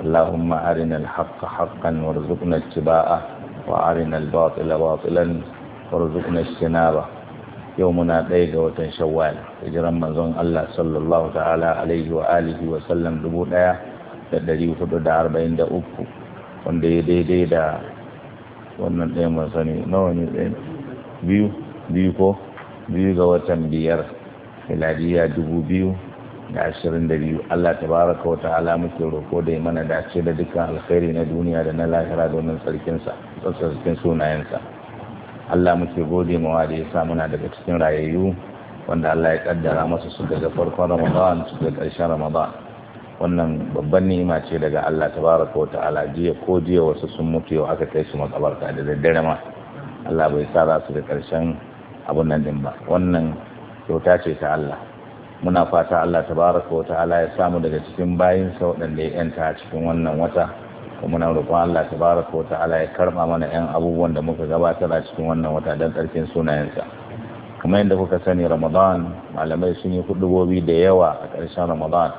اللهم أرنا الحق حقا وارزقنا اتباعه وأرنا الباطل باطلا وارزقنا اجتنابه يومنا ديغا وتنشوال اجرم منزون الله صلى الله تعالى عليه وآله وسلم دبونا تدري فدد أربعين دا أكو وندي دي دي دا wannan ɗaya masani nawa ne ɗaya biyu biyu ko biyu ga watan biyar miladiya dubu biyu da ashirin da biyu Allah ta baraka wa ta'ala muke roko da yi mana dace da dukkan alkhairi na duniya da na lahira domin sarkinsa sarkin sunayensa Allah muke gode mawa da ya sa muna daga cikin rayayyu wanda Allah ya kaddara masa su daga farkon Ramadan su daga ƙarshen Ramadan wannan babban ni'ima ce daga Allah tabaraka wa ta'ala jiya ko jiya wasu sun mutu yau aka kai su makabarta da daddare ma Allah bai sa za su da ƙarshen abun nan din ba wannan kyauta ce ta Allah muna fata Allah tabaraka wa ta'ala ya samu daga cikin bayin sa waɗanda ya yanta a cikin wannan wata kuma na roƙon Allah tabaraka wa ta'ala ya karɓa mana yan abubuwan da muka gabatar a cikin wannan wata don ƙarfin sunayensa kamar yadda kuka sani Ramadan malamai sun yi hudubobi da yawa a ƙarshen Ramadan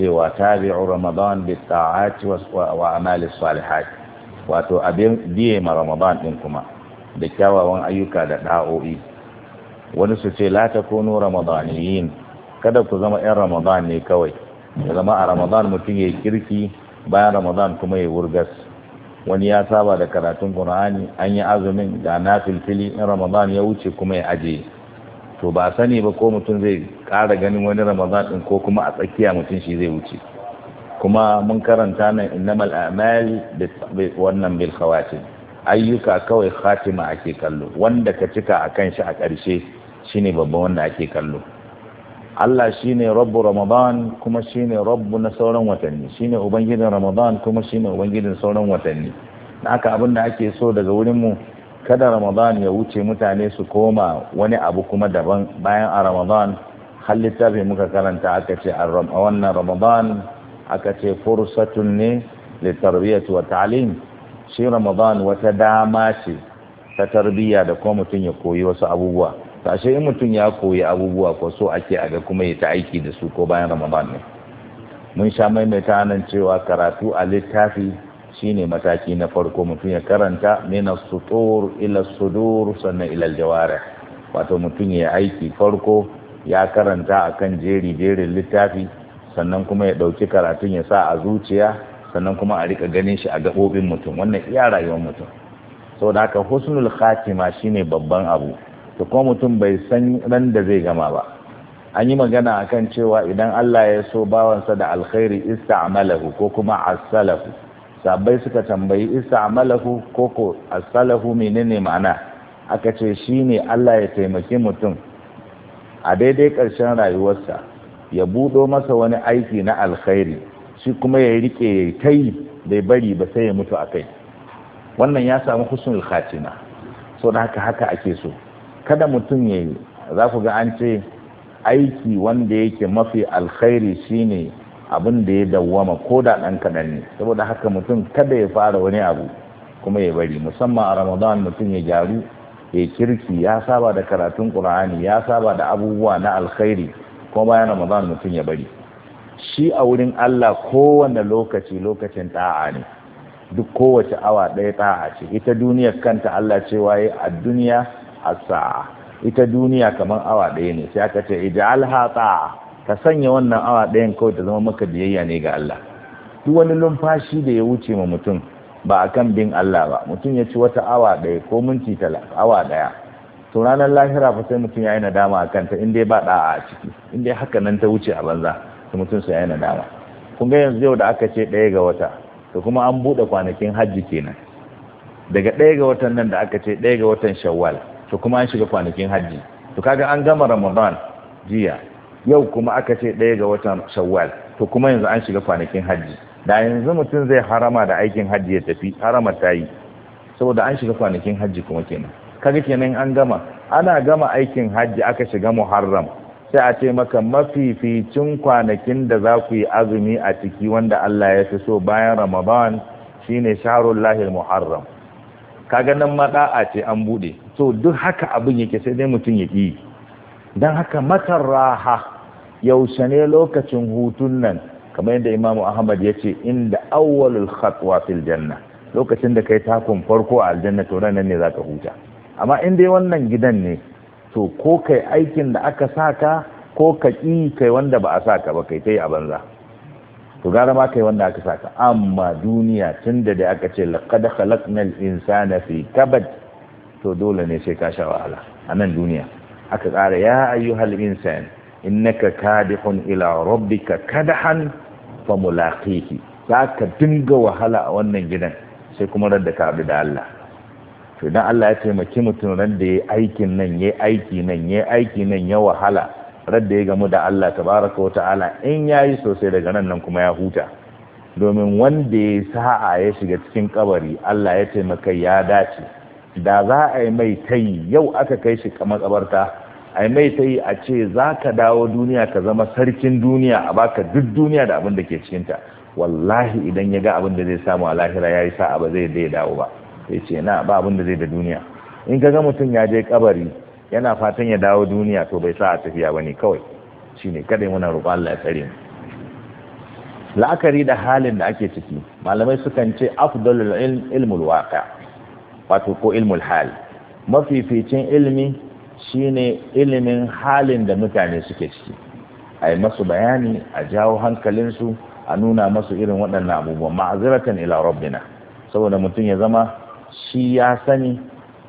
cewa tabi'u Ramadan bi ta'ati wa amali salihat wato abin biye ma Ramadan din kuma da kyawawan ayyuka da da'o'i wani su ce la takunu ramadaniyin kada ku zama 'yan ramadan ne kawai ya zama a ramadan mutum ya yi kirki bayan ramadan kuma ya wurgas wani ya saba da karatun Kur'ani, an yi azumin da na filfili in ramadan ya wuce kuma ya aje to ba sani ba ko mutum zai ƙara ganin wani ramadan ɗin ko kuma a tsakiya mutum shi zai wuce kuma mun karanta nan innamal a'mal wannan bil khawatim ayyuka kawai khatima ake kallo wanda ka cika akan shi a ƙarshe shine babban wanda ake kallo Allah ne rabbu ramadan kuma ne rabbu na sauran watanni ne ubangijin ramadan kuma ne ubangijin sauran watanni da aka abin da ake so daga wurin mu kada ramadan ya wuce mutane su koma wani abu kuma daban bayan a ramadan har littafi muka karanta aka ce a wannan ramadan aka ce fursatun ne litarbiyyatu wa ta'lim shi ramadan wata dama ce ta tarbiyya da kuma mutum ya koyi wasu abubuwa tashe in mutum ya koyi abubuwa ko so ake a ga kuma ya ta aiki da su ko bayan ramadan ne mun sha maimaita nan cewa karatu a littafi shine mataki na farko mutum ya karanta mina sutur ila sudur sannan ila jawarih wato mutum ya aiki farko ya karanta akan jeri jerin littafi sannan kuma ya dauki karatun ya sa a zuciya sannan kuma a rika ganin shi a gabobin mutum wannan iya rayuwar mutum saboda haka husnul khatima shine babban abu to ko mutum bai san ran da zai gama ba an yi magana a kan cewa idan Allah ya so bawansa da alkhairi ista'malahu ko kuma asalahu sabai suka tambayi ista'malahu ko ko asalahu menene ma'ana aka ce shine Allah ya taimaki mutum a daidai ƙarshen rayuwarsa ya buɗo masa wani aiki na alkhairi shi kuma ya rike ya kai bai bari ba sai ya mutu a kai wannan ya samu husnul khatima so da haka haka ake so kada mutum ya yi za ku ga an ce aiki wanda yake mafi alkhairi shine abin da ya dawwama ko da ɗan kaɗan ne saboda haka mutum kada ya fara wani abu kuma ya bari musamman a ramadan mutum ya gyaru ya kirki ya saba da karatun qur'ani ya saba da abubuwa na alkhairi kuma bayan ramadan mutum ya bari shi a wurin allah kowane lokaci lokacin ta'a ne duk kowace awa ɗaya ta'a ce ita duniyar kanta allah cewa ya a duniya as ita duniya kamar awa ɗaya ne sai aka ce ij'al hata ka sanya wannan awa ɗayan kawai ta zama maka biyayya ne ga Allah duk wani lumfashi da ya wuce ma mutum ba akan bin Allah ba mutum ya ci wata awa ɗaya ko minti talaka awa ɗaya to ranar lahira fa sai mutum ya yi nadama akan ta in dai ba da a ciki in dai haka nan ta wuce a banza to mutum sai ya yi nadama kun ga yanzu yau da aka ce ɗaya ga wata to kuma an buɗe kwanakin hajji kenan daga ɗaya ga watan nan da aka ce ɗaya ga watan shawwal to kuma an shiga kwanakin hajji to kaga an gama ramadan jiya yau kuma aka ce ɗaya ga watan shawwal to kuma yanzu an shiga kwanakin hajji da yanzu mutum zai harama da aikin hajji ya tafi harama ta yi saboda an shiga kwanakin hajji kuma kenan kaga kenan an gama ana gama aikin hajji aka shiga muharram sai a ce maka mafificin kwanakin da za ku yi azumi a ciki wanda Allah ya fi so bayan ramadan shine shahrul lahil muharram kaga nan ma da'a ce an bude so duk haka abin yake sai dai mutum ya ƙi don haka matar raha yaushe ne lokacin hutun nan kamar yadda imamu ahmad ya ce inda awwalul khatwa fil janna lokacin da kai takun farko a aljanna to ranan ne zaka huta amma in dai wannan gidan ne to ko kai aikin da aka saka ko ka ƙi kai wanda ba a saka ba kai ta yi a banza to gara ma kai wanda aka saka amma duniya tun da aka ce laqad khalaqnal insana fi kabad to dole ne sai ka sha wahala a nan duniya aka ƙara ya ayyuhal insan innaka kadihun ila rabbika kadahan fa mulaqihi zaka dinga wahala a wannan gidan sai kuma radda ka bi da Allah to dan Allah ya taimaki mutum ran da yayi aikin nan yayi aiki nan yayi aiki nan ya wahala radda ya gamu da Allah tabaraka wa ta'ala in yayi sosai daga nan nan kuma ya huta domin wanda ya sa'a ya shiga cikin kabari Allah ya taimaka ya dace da za a yi mai tayi yau aka kai shi matsabarta a yi mai tayi a ce za ka dawo duniya ka zama sarkin duniya a baka duk duniya da abin da ke cikinta wallahi idan ya ga abin da zai samu a lahira ya yi sa'a ba zai dai dawo ba sai ce na ba abin da zai da duniya in ka ga mutum ya je kabari yana fatan ya dawo duniya to bai sa tafiya ba ne kawai shine kada muna roƙo Allah la'akari da halin da ake ciki malamai sukan ce afdalul ilmul wato ko ilmul hal mafificin ilmi shine ilimin halin da mutane suke ciki a yi masu bayani a jawo hankalinsu a nuna masu irin waɗannan abubuwan ma'aziratan ila rabbina saboda mutum ya zama shi ya sani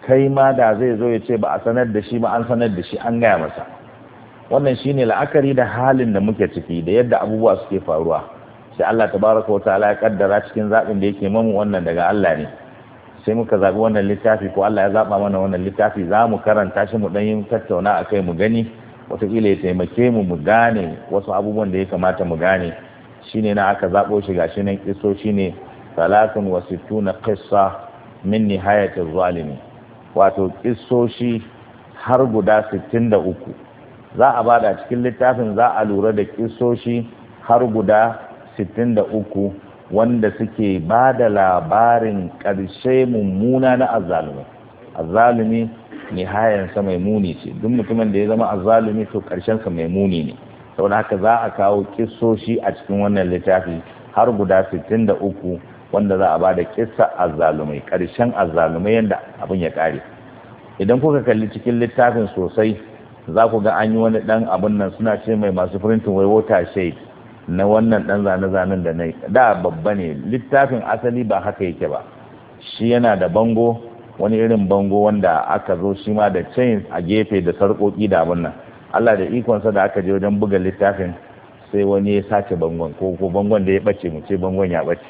kai ma da zai zo ya ce ba a sanar da shi ba an sanar da shi an gaya masa wannan shine la'akari da halin da muke ciki da yadda abubuwa suke faruwa sai Allah tabaraka wa ta'ala ya kaddara cikin zaɓin da yake mamu wannan daga Allah ne sai muka zaɓi wannan littafi ko Allah ya zaɓa mana wannan littafi za mu karanta shi mu ɗan yi tattauna a kai mu gani wataƙila ya taimake mu mu gane wasu abubuwan da ya kamata mu gane shine na aka zaɓo shi ga shi nan ƙiso shi ne talatin wa tuna qissa min nihayatil zalimi wato ƙisoshi har guda sittin da uku za a bada cikin littafin za a lura da kisoshi har guda sittin da uku wanda suke ba da labarin ƙarshe mummuna na azzalumi azzalumi hayansa mai muni ce duk mutumin da ya zama Azalumi to ƙarshensa mai muni ne saboda haka za a kawo kissoshi a cikin wannan littafi har guda 63 wanda za a ba da kissa azzalumai ƙarshen azzalumai yadda abin ya ƙare idan kuka kalli cikin littafin sosai za ku ga an yi wani dan abin nan suna ce mai masu firintin wai water shade na wannan dan zane-zanen da na yi da babba ne littafin asali ba haka yake ba shi yana da bango wani irin bango wanda aka zo shi ma da chains a gefe da sarƙoƙi da abin nan Allah da ikonsa da aka je wajen buga littafin sai wani ya sace bangon ko ko bangon da ya bace mu ce bangon ya bace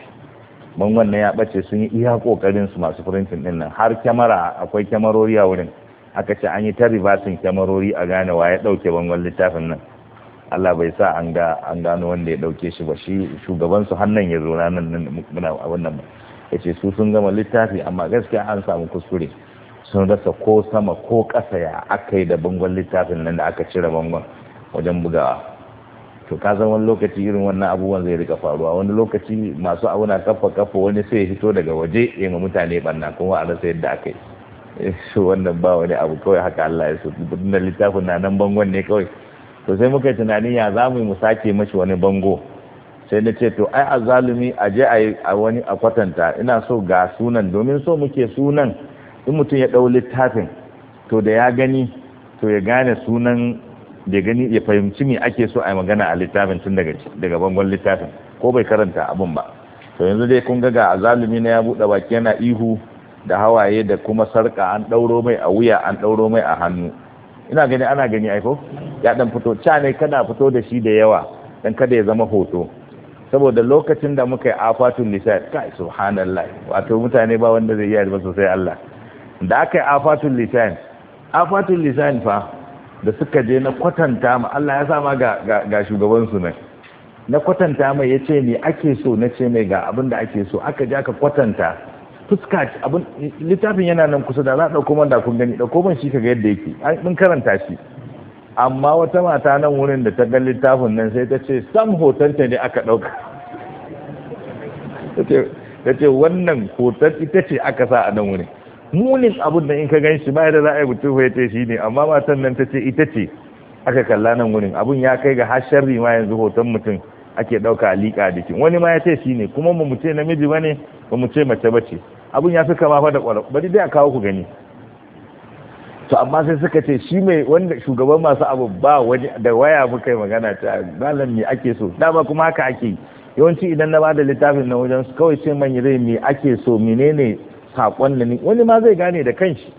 bangon na ya bace sun yi iya kokarin su masu printing din nan har kyamara akwai kyamarori a wurin aka ce an yi ta reversing kyamarori a gane wa ya dauke bangon littafin nan Allah bai sa an ga an gano wanda ya dauke shi ba shi shugaban su hannan ya zo nan muna wannan yace su sun gama littafi amma gaskiya an samu kuskure sun rasa ko sama ko ƙasa ya aka yi da bangon littafin nan da aka cire bangon wajen bugawa to ka zama wani lokaci irin wannan abubuwan zai rika faruwa wani lokaci masu abuna kafa kafa wani sai fito daga waje ya yin mutane banna kuma a rasa yadda aka yi su eh, wannan ba wani abu kawai haka Allah ya so littafin na nan bangon ne kawai to sai muka tunanin ya za mu sake mashi wani bango sai na ce to ai a zalumi a je a wani a kwatanta ina so ga sunan domin so muke sunan in mutum ya ɗau littafin to da ya gani to ya gane sunan da gani ya fahimci me ake so a yi magana a littafin tun daga bangon littafin ko bai karanta abin ba to yanzu dai kun ga ga azalumi na ya buɗe baki yana ihu da hawaye da kuma sarka an ɗauro mai a wuya an ɗauro mai a hannu ina gani ana gani aiko ya dan fito ca ne kana fito da shi da yawa dan kada ya zama hoto saboda lokacin da muka yi afatun nisa kai subhanallah wato mutane ba wanda zai yi ba sosai Allah da aka yi afatun nisa afatun nisa fa da suka je na kwatanta ma Allah ya sama ga ga shugaban su ne na kwatanta mai yace ni ake so na ce mai ga abin da ake so aka je aka kwatanta Fuskat, abin littafin yana nan kusa da za a ɗauko man da kun gani ɗauko man shi ka ga yadda yake an ɗin karanta shi amma wata mata nan wurin da ta ga littafin nan sai ta ce sam hoton ta ne aka ɗauka ta ce wannan hoton ita ce aka sa a nan wurin munin abin da in ka gan shi bayan da za a yi mutum ya ce shi ne amma matan nan ta ce ita ce aka kalla nan wurin abin ya kai ga hasharri ma yanzu hoton mutum ake ɗauka a liƙa jikin wani ma ya ce shi ne kuma mu ce namiji ba ne ba mu ce mace ba ce abin ya fi kama fa da kwarar bari dai a kawo ku gani to amma sai suka ce shi mai wanda shugaban masu abu ba wani da waya muka yi magana ta malam me ake so dama kuma haka ake yawanci idan na bada littafin na wajen su kawai ce man rai me ake so menene sakon da ni wani ma zai gane da kanshi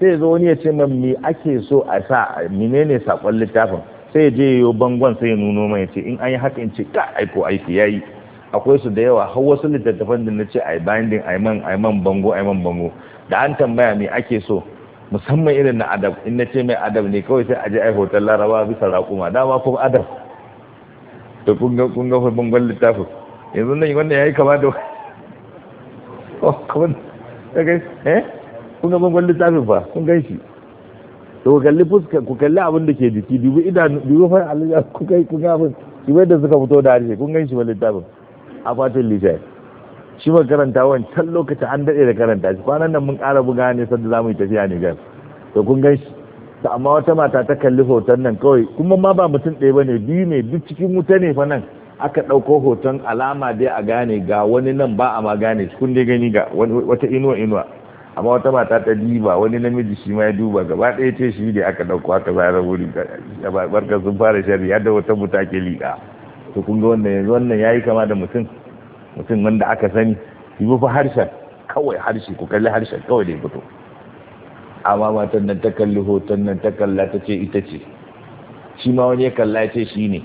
sai zo wani ya ce man me ake so a sa menene sakon littafin sai ya je yo bangon sai ya nuno mai ya ce in an yi haka in ce ka aiko aiki ya yi. akwai su da yawa har wasu littattafan da na ce ai binding ai man ai man bango ai man bango da an tambaya me ake so musamman irin na adab in na ce mai adab ne kawai sai a je ai hoton laraba bisa raƙuma dama kuma adab to kun ga kun ga bangon littafi yanzu nan wannan yayi kama da oh kuma daga eh kun ga bangon littafin fa kun gan shi to kalli fuska ku kalli abin da ke jiki dubi idanu dubi fa Allah ku kai kun ga abin shi da suka fito da harshe kun ganshi shi ba littafin akwatin littafi shi ba karanta wani can lokacin an daɗe da karanta shi kwanan nan mun ƙara buga ne sanda da zamu yi tafiya ne gan to kun gan shi ta amma wata mata ta kalli hoton nan kawai kuma ma ba mutum ɗaya ba ne biyu ne duk cikin wuta ne fa nan aka ɗauko hoton alama dai a gane ga wani nan ba a ma gane kun dai gani ga wata inuwa inuwa amma wata mata ta diba wani namiji shi ma ya duba gaba ɗaya ce shi ne aka ɗauko aka zara wuri barkar sun fara shari'a da wata mutake ke liƙa to kun ga wannan yanzu wannan yayi kama da mutum mutum wanda aka sani yi fa harshen kawai harshe ku kalli harshen kawai da ya fito amma matan nan ta kalli hoton nan ta kalla ta ce ita ce shi ma wani ya kalla ya ce shi ne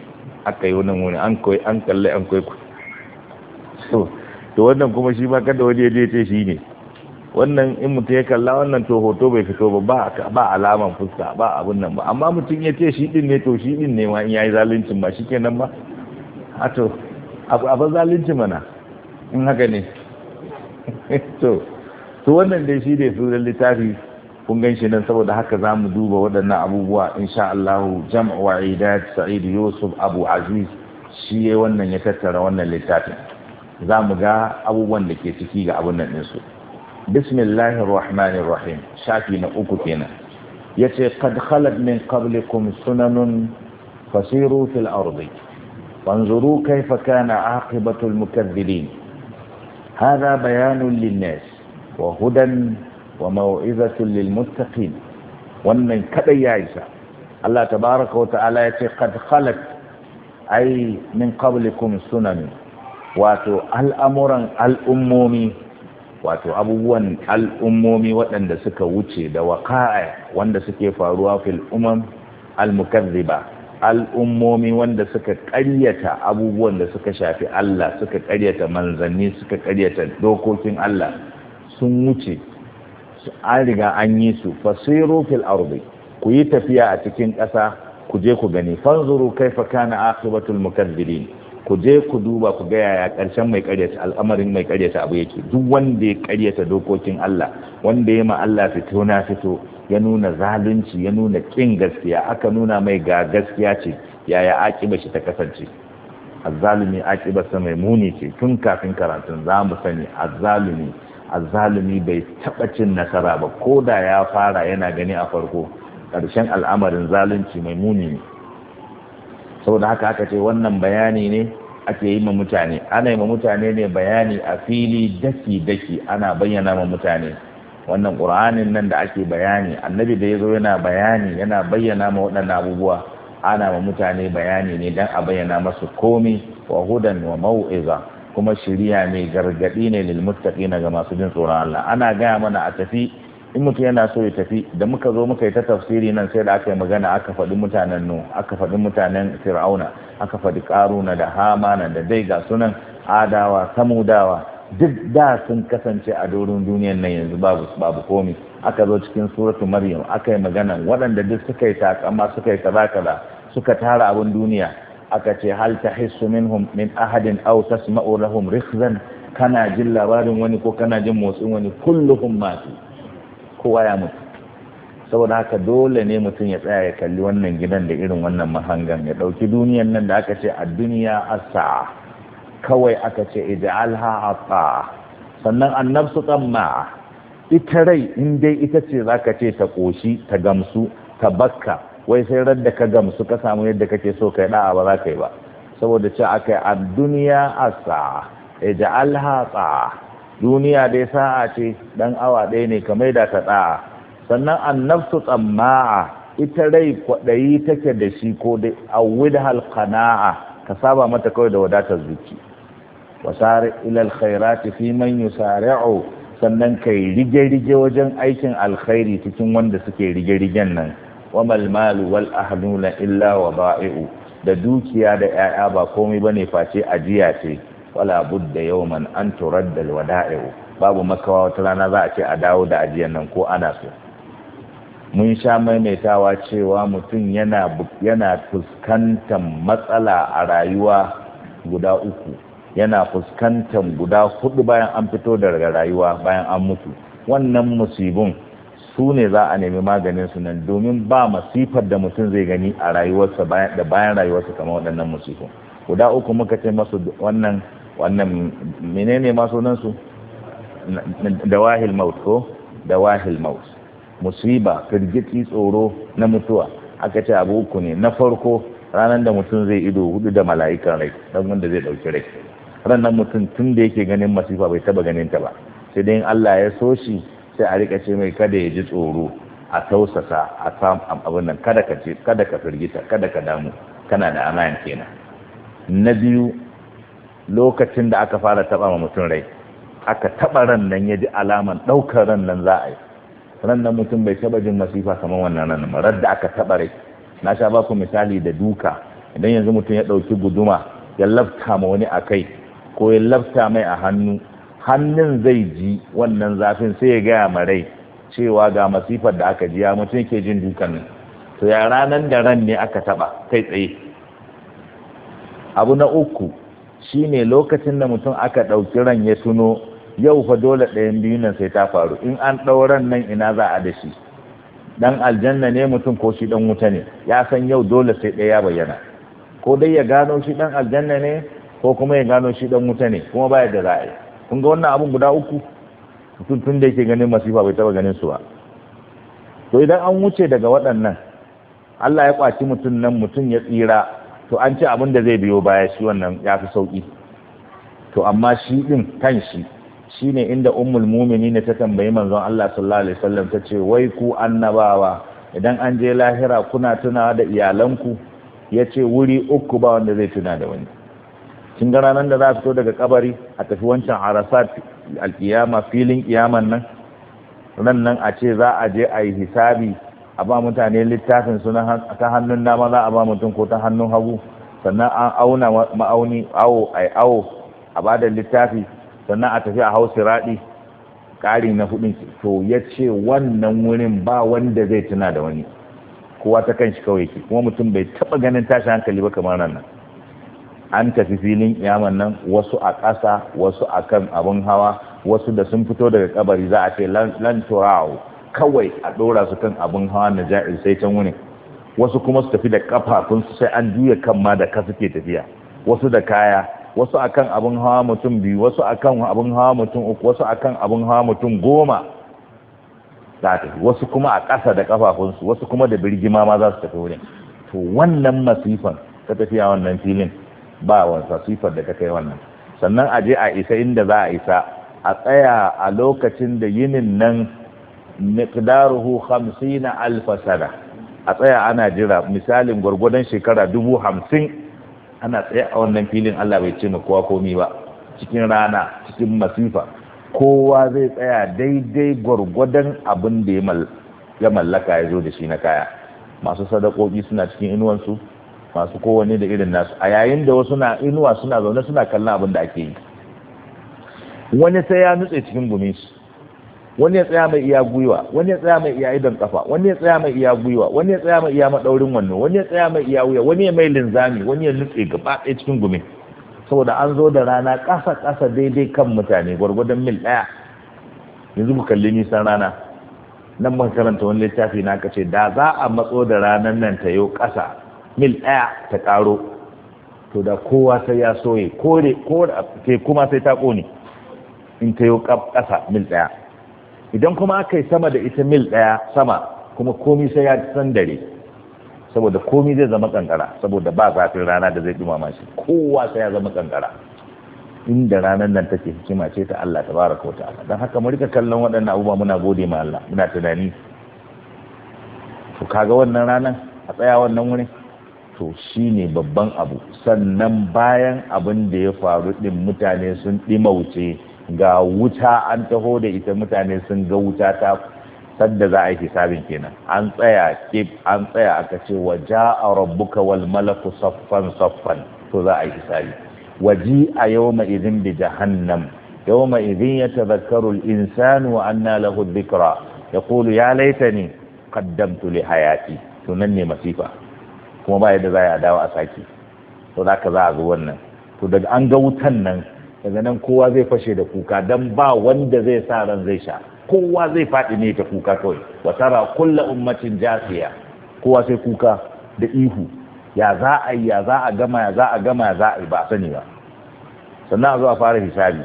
aka yi wannan wani an koyi an kalli an koyi ku to wannan kuma shi ma kada wani ya je ce shi ne wannan in mutum ya kalla wannan to hoto bai fito ba ba alaman fuska ba abun nan ba amma mutum ya ce shi din ne to shi din ne ma in yayi zaluncin ba shikenan ma. a to abu zalunci mana in haka ne to to wannan dai shi da sunan littafi kun gan shi nan saboda haka za mu duba waɗannan abubuwa insha Allah jam'u wa idat sa'id yusuf abu aziz shi ya wannan ya tattara wannan littafin za mu ga abubuwan da ke ciki ga abun nan ɗinsu bismillahir rahmanir rahim shafi na uku kenan yace qad khalaq min qablikum sunanun fasiru fil ardi وانظروا كيف كان عاقبة المكذبين هذا بيان للناس وهدى وموعظة للمتقين ومن كبي عيسى الله تبارك وتعالى يتي قد خلت أي من قبلكم سنن واتو الأمر الأمومي واتو أبوان الأمومي وأن سكا وشي دا وقائع وأن فاروا في الأمم المكذبة al'ummomi wanda suka ƙaryata abubuwan da suka shafi Allah suka ƙaryata manzanni suka ƙaryata dokokin Allah sun wuce an riga an yi su fasiru fil ardi ku yi tafiya a cikin ƙasa ku je ku gani fanzuru kaifa kana akibatul mukadzirin ku je ku duba ku ga yaya ƙarshen mai ƙaryata al'amarin mai ƙaryata abu yake duk wanda ya ƙaryata dokokin Allah wanda ya ma Allah fito na fito ya nuna zalunci ya nuna kin gaskiya aka nuna mai ga gaskiya ce yaya akiba shi ta kasance azzalumi sa mai muni ce tun kafin karatun za mu sani azzalumi azzalumi bai taba cin nasara ba ko da ya fara yana gani a farko ƙarshen al'amarin zalunci mai muni ne saboda haka aka ce wannan bayani ne ake yi ma mutane ana yi ma mutane ne bayani a fili daki-daki ana bayyana ma mutane wannan ƙura'a'nin nan da ake bayani annabi da ya zo yana bayani yana bayyana ma waɗannan abubuwa ana ma mutane bayani ne don a bayyana masu komai wa hudan wa mau'iza kuma shiriya ne gargaɗi ne lil muttaqina ga masu jin tsoron Allah ana gaya mana a tafi in mutum yana so ya tafi da muka zo muka yi ta tafsiri nan sai da aka yi magana aka faɗi mutanen nu aka faɗi mutanen fir'auna aka faɗi ƙaruna da hamana da dai ga sunan adawa samudawa duk da sun kasance a doron duniyan nan yanzu babu babu komi aka zo cikin suratu maryam aka yi magana waɗanda duk suka yi takama suka yi kaza suka tara abin duniya aka ce hal tahissu minhum min ahadin aw tasma'u lahum rikhzan kana jin labarin wani ko kana jin motsin wani kulluhum matu kowa ya mutu saboda haka dole ne mutum ya tsaya ya kalli wannan gidan da irin wannan mahangan ya ɗauki duniyan nan da aka ce a duniya sa'a kawai aka ce ij'alha ata sannan annabsu tsamma ita rai in dai ita ce zaka ce ta koshi ta gamsu ta bakka wai sai ran ka gamsu ka samu yadda kake so kai da'a ba za ka yi ba saboda ce aka yi dunya duniya asa ij'alha ta duniya dai sa'a ce dan awa ɗaya ne ka maida ta da'a sannan annabsu tsamma ita rai kwaɗayi take da shi ko dai awwidhal qana'a ka saba mata kawai da wadatar zuci wasari ilal khairati fi man yusari'u sannan kai rige-rige wajen aikin alkhairi cikin wanda suke rige-rigen nan wa malmalu wal ahnuna illa wa ba'i'u da dukiya da 'ya'ya ba komai bane face ajiya ce wala budda yawman an turaddal wada'u babu makawa wata rana za a ce a dawo da ajiyan nan ko ana so mun sha maimaitawa cewa mutum yana yana fuskantar matsala a rayuwa guda uku yana fuskantar guda hudu bayan an fito daga rayuwa bayan an mutu wannan musibin su ne za a nemi maganin su nan domin ba masifar da mutum zai gani a rayuwarsa da bayan rayuwarsa kamar waɗannan musifin guda uku muka ce masu wannan wannan menene masu nan su da wahil maut ko da wahil maut musiba firgiti tsoro na mutuwa aka ce abu uku ne na farko ranar da mutum zai ido hudu da mala'ikan rai don wanda zai ɗauki rai ranar mutum tun da yake ganin masifa bai taba ganin ta ba sai dai Allah ya so shi sai a rika ce mai kada ya ji tsoro a tausasa a sam abin nan kada ka ce kada ka firgita kada ka damu kana da amayan kenan na biyu lokacin da aka fara taba ma mutum rai aka taba ran nan ya ji alaman daukar ran nan za a yi ran nan mutum bai taba jin masifa kamar wannan ran ba da aka taba rai na sha baku misali da duka idan yanzu mutum ya dauki guduma ya lafta ma wani a kai. ko ya lafta mai a hannu hannun zai ji wannan zafin sai ya gaya ma rai cewa ga masifar da aka jiya mutum ke jin dukan to ya ranar da ran ne aka taba kai tsaye abu na uku shine lokacin da mutum aka ɗauki ran ya tuno yau fa dole ɗayan biyu nan sai ta faru in an ɗauran nan ina za a da shi dan aljanna ne mutum ko shi dan wuta ne ya san yau dole sai ɗaya ya bayyana ko dai ya gano shi dan aljanna ne ko kuma ya gano shi dan wuta ne kuma baya da ra'ayi kun ga wannan abun guda uku mutum tun da yake ganin masifa bai taba ganin su ba to idan an wuce daga waɗannan Allah ya kwaci mutum nan mutum ya tsira to an ce abin da zai biyo baya shi wannan ya fi sauki to amma shi din kan shi shi ne inda ummul ne ta tambayi manzon Allah sallallahu alaihi wasallam ta ce wai ku annabawa idan an je lahira kuna tunawa da iyalanku ya ce wuri uku ba wanda zai tuna da wani kin ga ranar da za a fito daga kabari a tafi wancan arasat alkiyama filin kiyaman nan nan nan a ce za a je a yi hisabi a ba mutane littafin suna ta hannun dama za a ba mutum ko ta hannun hagu sannan an auna ma'auni awo ai awo a ba da littafi sannan a tafi a hau siradi kari na hudun to ya ce wannan wurin ba wanda zai tuna da wani kowa ta kan shi kawai ke kuma mutum bai taba ganin tashin hankali ba kamar nan an tafi filin kiyaman nan wasu a ƙasa wasu a kan abin hawa wasu da sun fito daga kabari za a ce lan kawai a ɗora su kan abin hawa na ja'ir sai can wuni wasu kuma su tafi da su sai an juya kan ma da ka suke tafiya wasu da kaya wasu akan abin hawa mutum biyu wasu akan abin hawa mutum uku wasu akan abin hawa mutum goma za tafi wasu kuma a ƙasa da kafafunsu wasu kuma da birgima ma za su tafi wurin to wannan masifan ta tafiya wannan filin ba wasa sifar da ta kai wannan sannan a je a isa inda za a isa a tsaya a lokacin da yinin nan miqdaruhu 50 na alfasara a tsaya ana jira misalin gwargwadon shekara dubu ana tsaya a wannan filin Allah bai ce kowa komi ba cikin rana cikin masifa kowa zai tsaya daidai gwargwadon abin da ya mallaka ya zo da shi na kaya masu sadakoki suna cikin inuwansu masu kowane da irin nasu a yayin da wasu na inuwa suna zaune suna kallon abin da ake yi wani sai ya nutse cikin gumi. su wani ya tsaya mai iya gwiwa wani ya tsaya mai iya idon kafa wani ya tsaya mai iya gwiwa wani ya tsaya mai iya madaurin wannan wani ya tsaya mai iya wuya wani ya mai linzami wani ya nutse gaba ɗaya cikin gumi saboda an zo da rana ƙasa ƙasa daidai kan mutane gwargwadon mil ɗaya yanzu ku kalli nisan rana nan ban karanta wani littafi na ce, da za a matso da ranar nan ta yau ƙasa mil ɗaya ta ƙaro to da kowa sai ya soye kore kore sai kuma sai ta ƙone in ta yi ƙasa mil ɗaya idan kuma aka yi sama da ita mil ɗaya sama kuma komi sai ya san dare saboda komi zai zama ƙanƙara saboda ba zafin rana da zai dumama shi kowa sai ya zama ƙanƙara. inda ranar nan take hikima ce ta Allah ta baraka wa ta'ala dan haka mu rika kallon waɗannan abubuwa muna gode ma Allah muna tunani to kaga wannan ranar a tsaya wannan wurin to ne babban abu sannan bayan abin da ya faru din mutane sun ɗimauce ga wuta an taho da ita mutane sun ga wuta ta sadda za a yi hisabin kenan an tsaya kif an tsaya aka ce wa ja'a rabbuka wal malaku saffan saffan to za a yi hisabi waji a yawma idin bi jahannam yawma idin yatadhakkaru al insanu wa anna lahu dhikra yaqulu ya laitani qaddamtu li hayati to nan ne masifa kuma ba yadda za a dawo a sake to za ka za a zo wannan to daga an ga wutan nan daga nan kowa zai fashe da kuka don ba wanda zai sa ran zai sha kowa zai faɗi ne ta kuka kawai wa tara kulla ummatin jasiya kowa sai kuka da ihu ya za a yi ya za a gama ya za a gama ya za a yi ba sani ba sannan a zo a fara hisabi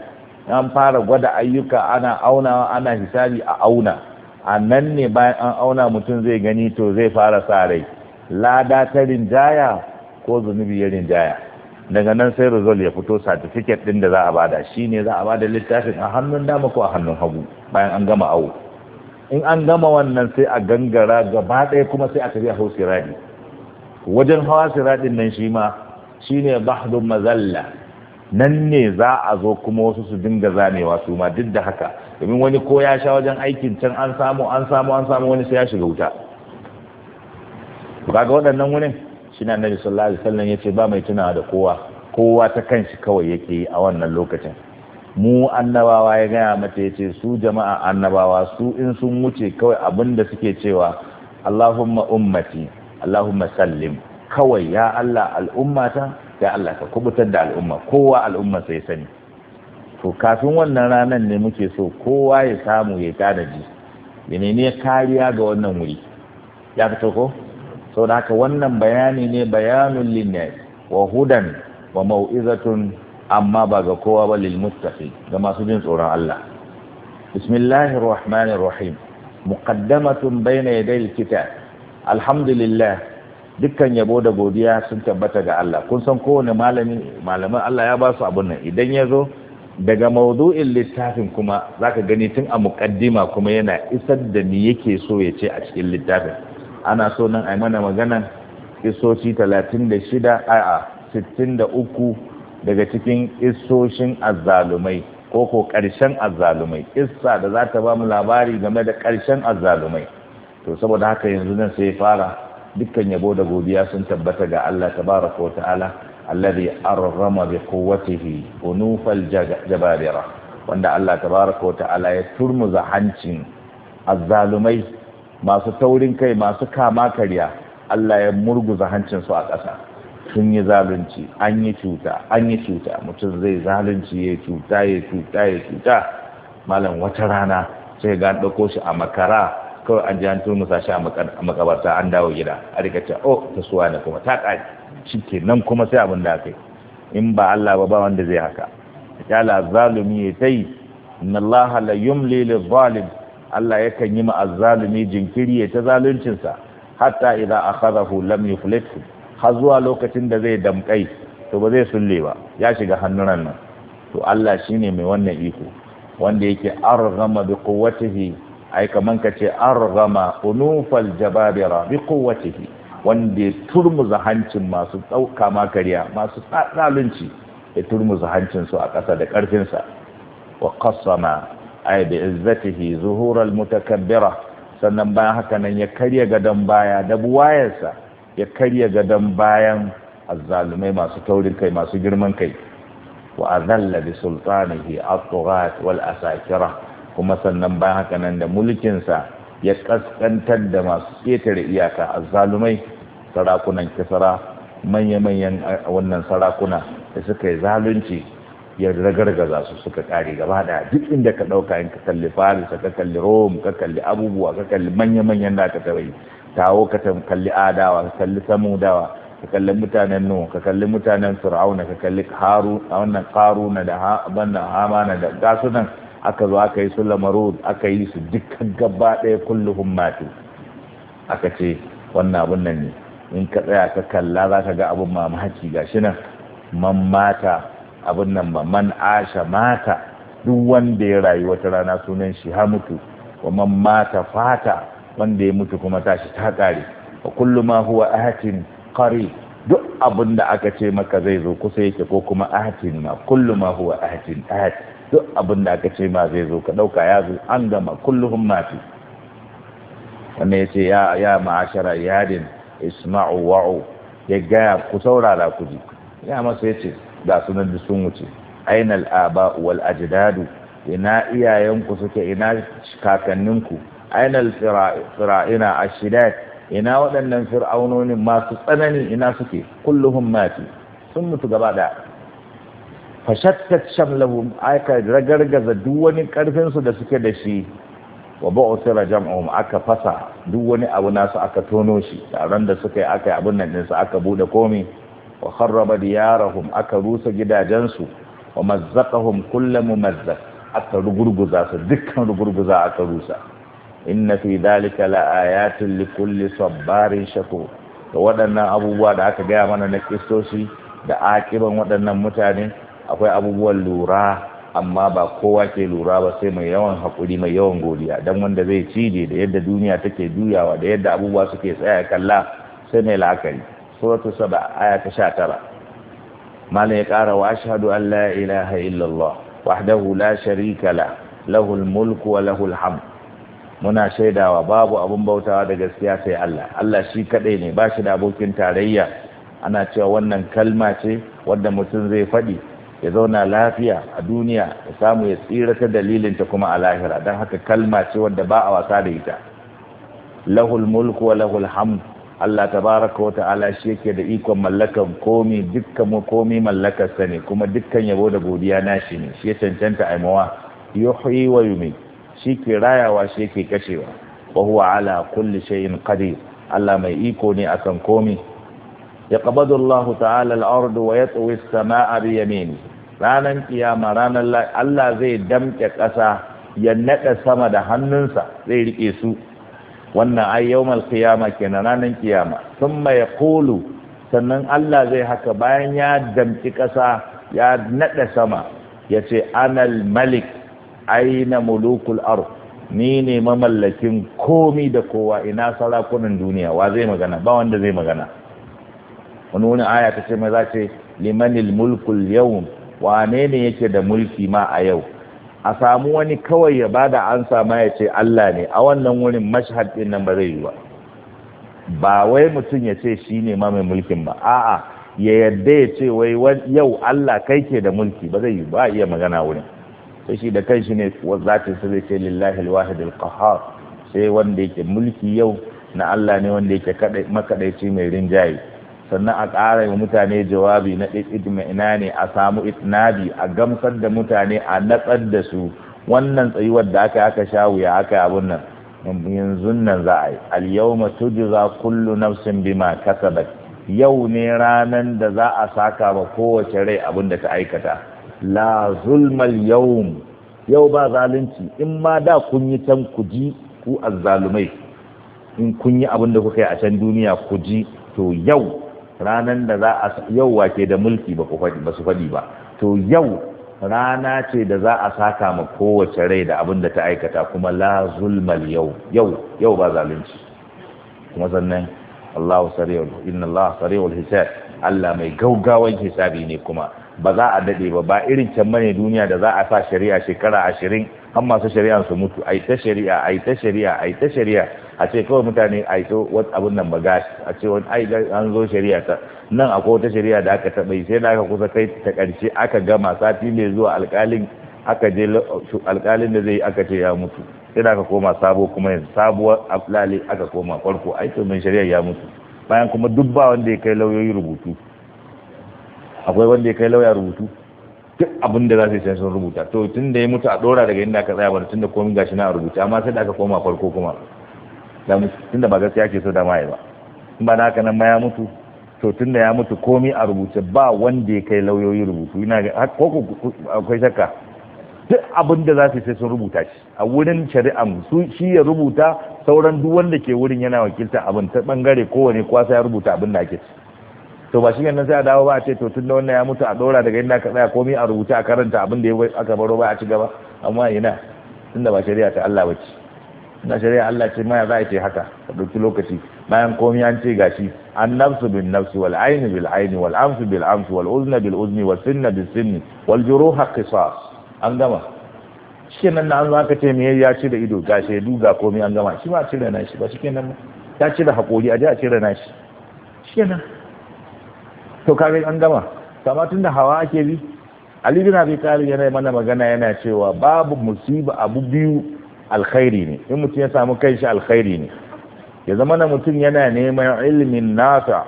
an fara gwada ayyuka ana auna ana hisabi a auna a nan ne bayan an auna mutum zai gani to zai fara sa rai lada ta rinjaya ko zunubi ya rinjaya daga nan sai result ya fito certificate din da za a bada ne za a bada littafin a hannun dama ko a hannun hagu bayan an gama awo in an gama wannan sai a gangara gaba ɗaya kuma sai a tafi a hau siradi wajen hawa siradin nan shi ma ne bahdun mazalla nan ne za a zo kuma wasu su dinga zanewa su ma duk da haka domin wani ko ya sha wajen aikin can an samu an samu an samu wani sai ya shiga wuta to kaga waɗannan wurin shi na annabi sallallahu alaihi wasallam yace ba mai tunawa da kowa kowa ta kanshi kawai yake a wannan lokacin mu annabawa ya gaya mata yace su jama'a annabawa su in sun wuce kawai abin da suke cewa Allahumma ummati Allahumma sallim kawai ya Allah al'ummata ya Allah ka kubutar da al'umma kowa al'umma sai sani to kafin wannan ranar ne muke so kowa ya samu ya tanaji menene kariya ga wannan wuri ya fito ko sau da haka wannan bayani ne bayanun linnas wa hudan wa mau'izatun amma ba ga kowa ba lil ga masu jin tsoron Allah bismillahir rahmanir rahim muqaddamatun bayna yaday kitab alhamdulillah dukkan yabo da godiya sun tabbata ga Allah kun san kowane malami malaman Allah ya ba su abun nan idan ya zo daga maudu'in littafin kuma zaka gani tun a muqaddima kuma yana isar da me yake so ya ce a cikin littafin ana so nan yi mana maganan isoci 36 a'a uku daga cikin isoshin azzalumai ko ko ƙarshen azzalumai issa da za ta ba mu labari game da karshen azzalumai to saboda haka yanzu nan sai fara dukkan yabo da godiya sun tabbata ga Allah tabaraka wa ta'ala alladhi arrama bi quwwatihi unufal jabarira wanda Allah tabaraka wa ta'ala ya turmuza hancin azzalumai masu taurin kai masu kama karya Allah ya murguza hancinsu a ƙasa sun yi zalunci an yi cuta an yi cuta mutum zai zalunci ya cuta ya cuta ya cuta malam wata rana sai ga an ɗauko shi a makara kawai an ji an turmusa shi a makabarta an dawo gida a rika ce oh ta suwa ne kuma ta ƙaci shi ke nan kuma sai abin da aka yi in ba Allah ba ba wanda zai haka ya la zalumi ya ta yi inna Allah la yumli Allah yakan yi ma'azzalumi jinkiri ya ta zaluncinsa hatta idan akhadahu lam yuflithu har zuwa lokacin da zai damkai to ba zai sulle ba ya shiga hannunan nan to Allah shine mai wannan iko wanda yake arghama bi quwwatihi ai kaman kace arghama unufal jababira bi quwwatihi wanda ya turmuza hancin masu dauka makariya masu zalunci ya turmuza hancin su a ƙasa da ƙarfinsa wa qasama ay bi izzatihi zuhur al mutakabbira sannan bayan haka nan ya karya gadon baya da buwayarsa ya karya gadon bayan azzalumai masu taurin kai masu girman kai wa azalla bi sultanihi at-tughat wal asakira kuma sannan bayan haka nan da mulkinsa ya kaskantar da masu ketare iyaka azzalumai sarakunan kisra manya-manyan eh, wannan sarakuna da suka yi zalunci na gargaza su suka kare gaba da duk inda ka ɗauka in ka kalli faris ka kalli rome ka kalli abubuwa ka kalli manya-manyan da ka tabai tawo ka kalli adawa ka kalli samudawa ka kalli mutanen nuhu ka kalli mutanen fir'auna ka kalli haru a wannan karuna da abanna hamana da gasu aka zo aka yi su lamarud aka yi su dukkan gaba ɗaya kulluhum matu aka ce wannan abun nan ne in ka tsaya ka kalla za ka ga abun mamaki gashi nan man mata abin nan ba man asha mata duk wanda ya rayu wata rana sunan shi ha mutu wa man mata fata wanda ya mutu kuma tashi ta kare wa kullu ma huwa ahatin qari duk abin da aka ce maka zai zo kusa yake ko kuma ahatin ma kullu ma huwa ahatin ahat duk abin da aka ce ma zai zo ka dauka ya zo an gama kulluhum mati wannan yace ya ya ma'ashara yadin isma'u wa'u ya gaya ku saurara ku ji ya masa yace ga sunan da sun wuce ainal aba wal ajdadu ina iyayenku suke ina kakanninku ainal fir'aina ashidat ina waɗannan fir'aunonin masu tsanani ina suke kulluhum mati sun mutu gaba daya fashattat shamlahum aika ragargaza duk wani karfin su da suke da shi wa ba'usira jam'uhum aka fasa duk wani abu nasu aka tono shi taron da suka yi aka yi abin nan ɗinsu aka bude komi wa kharraba diyarahum aka rusa gidajensu wa mazzaqahum kullu mumazzaq aka rugurguza su dukkan rugurguza aka rusa inna fi dhalika la ayatin li kulli sabbarin shakur da waɗannan abubuwa da aka gaya mana na kistoci da akiban waɗannan mutane akwai abubuwan lura amma ba kowa ke lura ba sai mai yawan hakuri mai yawan godiya dan wanda zai cije da yadda duniya take juyawa da yadda abubuwa suke tsaya kalla sai mai la'akari suratu saba aya ta sha tara malam ya ƙara wa ashadu an la ilaha illallah wahdahu la sharika la lahul mulku wa lahul muna shaidawa babu abun bautawa da gaskiya sai Allah Allah shi kadai ne bashi da abokin tarayya ana cewa wannan kalma ce wadda mutum zai faɗi ya zauna lafiya a duniya ya samu ya tsira ta dalilinta kuma a lahira don haka kalma ce wadda ba a wasa da ita lahul mulku wa lahul hamd Allah tabaraka wa ta'ala shi yake da ikon mallakan komi dukkan komi mallakarsa ne kuma dukkan yabo da godiya nashi ne shi ya cancanta aimawa yuhyi wa yumi shi ke rayawa shi yake kashewa wa huwa ala kulli shay'in qadir Allah mai iko ne akan komi ya qabadu Allah ta'ala al waya wa yatwi as-samaa bi yamini ranan kiyama ranan Allah zai damke ƙasa ya nada sama da hannunsa zai rike su wannan ai yawmal ke kenan ranar kiyama thumma Kulu. sannan Allah zai haka bayan ya damci ƙasa, ya naɗa sama yace anal malik aina mulukul ard ni ne mamallakin komi da kowa ina sarakunan duniya wa zai magana ba wanda zai magana wani wani aya ta ce mai za ce limanil mulkul yawm wane ne yake da mulki ma a yau a samu wani kawai ya ba da an sama ya ce Allah ne a wannan wurin mashahar ɗin nan ba zai yi ba ba wai mutum ya ce shi ne ma mai mulkin ba a'a ya yadda ya ce wai yau Allah kai ke da mulki ba zai yi ba iya magana wurin sai shi da shi ne zata su zai ce lillahi alwahid alqahar sai wanda yake mulki yau na Allah ne wanda yake makadaici mai rinjaye sannan a ƙara yi mutane jawabi na ina ne a samu itinabi a gamsar da mutane a natsar da su wannan tsayuwar da aka aka sha wuya aka abun nan yanzu nan za a yi alyawma za kullu nafsin bima kasabat yau ne ranan da za a saka ba kowace rai abin da ta aikata la zulmal yawm yau ba zalunci in ma da kun yi can ku ji ku azzalumai in kun yi abin da kuka yi a can duniya ku ji to yau ranan da za a yau wake da mulki ba faɗi ba su faɗi ba to yau rana ce da za a saka ma kowace rai da abin da ta aikata kuma la zulmal yau yau yau ba zalunci kuma sannan Allah sariyul inna Allah sariyul hisab Allah mai gaugawan hisabi ne kuma ba za a dade ba ba irin can bane duniya da za a sa shari'a shekara 20 har masu shari'a su mutu ai ta shari'a ai ta shari'a ai ta shari'a a ce kawai mutane a to wata abin nan ba gashi a ce wani ai an zo shari'a ta nan akwai wata shari'a da aka taɓa yi sai da aka kusa kai ta ƙarshe aka gama sati mai zuwa alƙalin aka je alƙalin da zai aka ce ya mutu sai da aka koma sabo kuma yanzu sabuwar aflali aka koma farko ai to mai shari'a ya mutu bayan kuma duk ba wanda ya kai lauyoyi rubutu akwai wanda ya kai lauya rubutu duk abin da za su yi sun rubuta to tun da ya mutu a ɗora daga inda aka tsaya ba tun da komi gashi na a rubuta amma sai da aka koma farko kuma ya tun tunda ba gaskiya ke so da mai ba in ba haka nan ma ya mutu to tunda ya mutu komi a rubuce ba wanda ya kai lauyoyi rubutu ina ga ko akwai shakka duk abin da za su sai sun rubuta shi a wurin shari'a su shi ya rubuta sauran duk wanda ke wurin yana wakilta abin ta bangare kowane kwasa ya rubuta abin da ake ci to ba shi ganin sai a dawo ba a ce to tun da wannan ya mutu a dora daga inda ka tsaya komai a rubuta a karanta abin da aka baro ba a ci gaba amma ina tunda ba shari'a ta Allah ce na shari'a Allah ce maya za a ce haka ka ɗauki lokaci bayan komai an ce gashi an nafsu bin nafsu wal aini bil aini wal amsu bil amsu wal uzna bil uzni wal sinna bil sinni wal juruha qisas an gama shikenan nan za ka ce me ya ci da ido ga shaidu ga komai an gama shi ma ci da shi ba shikenan ya ci da hakuri a ji a da nashi shi shikenan to kare an gama kama tun da hawa ake bi Ali bin Abi Talib yana mana magana yana cewa babu musiba abu biyu alkhairi ne in mutum ya samu kai shi alkhairi ne ya zama na mutum yana neman ilimin nasa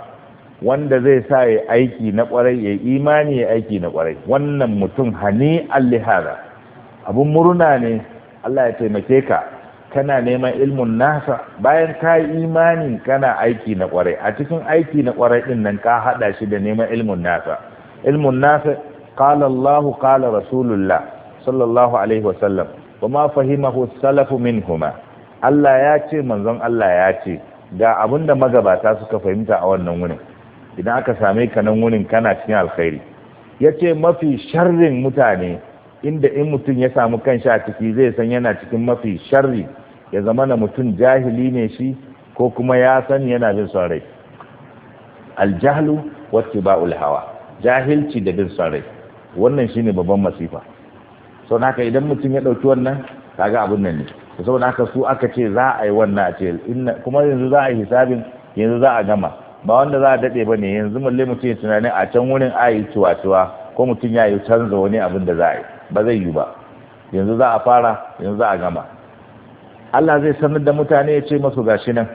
wanda zai sa ya aiki na kwarai ya imani ya aiki na kwarai wannan mutum hani allihara abun murna ne Allah ya taimake ka kana neman ilmin nasa bayan ka yi imanin kana aiki na kwarai a cikin aiki na kwarai din nan ka hada shi da neman ilmin nasa ilmin nasa qala Allah qala rasulullah sallallahu alaihi wasallam wa ma fahimahu salafu minhuma Allah ya ce manzon Allah ya ce ga abinda magabata suka fahimta a wannan wurin idan aka same ka nan wurin kana cikin alkhairi yace mafi sharrin mutane inda in mutum ya samu kansa a ciki zai san yana cikin mafi sharri ya zama na mutum jahili ne shi ko kuma ya san yana bin son rai aljahlu wattiba'ul hawa jahilci da bin son wannan shine babban masifa sau naka idan mutum ya ɗauki wannan kaga abin nan ne saboda haka su aka ce za a yi wannan a ce kuma yanzu za a yi hisabin yanzu za a gama ba wanda za a daɗe ba ne yanzu mulle mutum ya tunanin a can wurin a yi ciwa ko mutum ya yi canza wani abin da za a yi ba zai yi ba yanzu za a fara yanzu za a gama Allah zai sanar da mutane ya ce masu gashi nan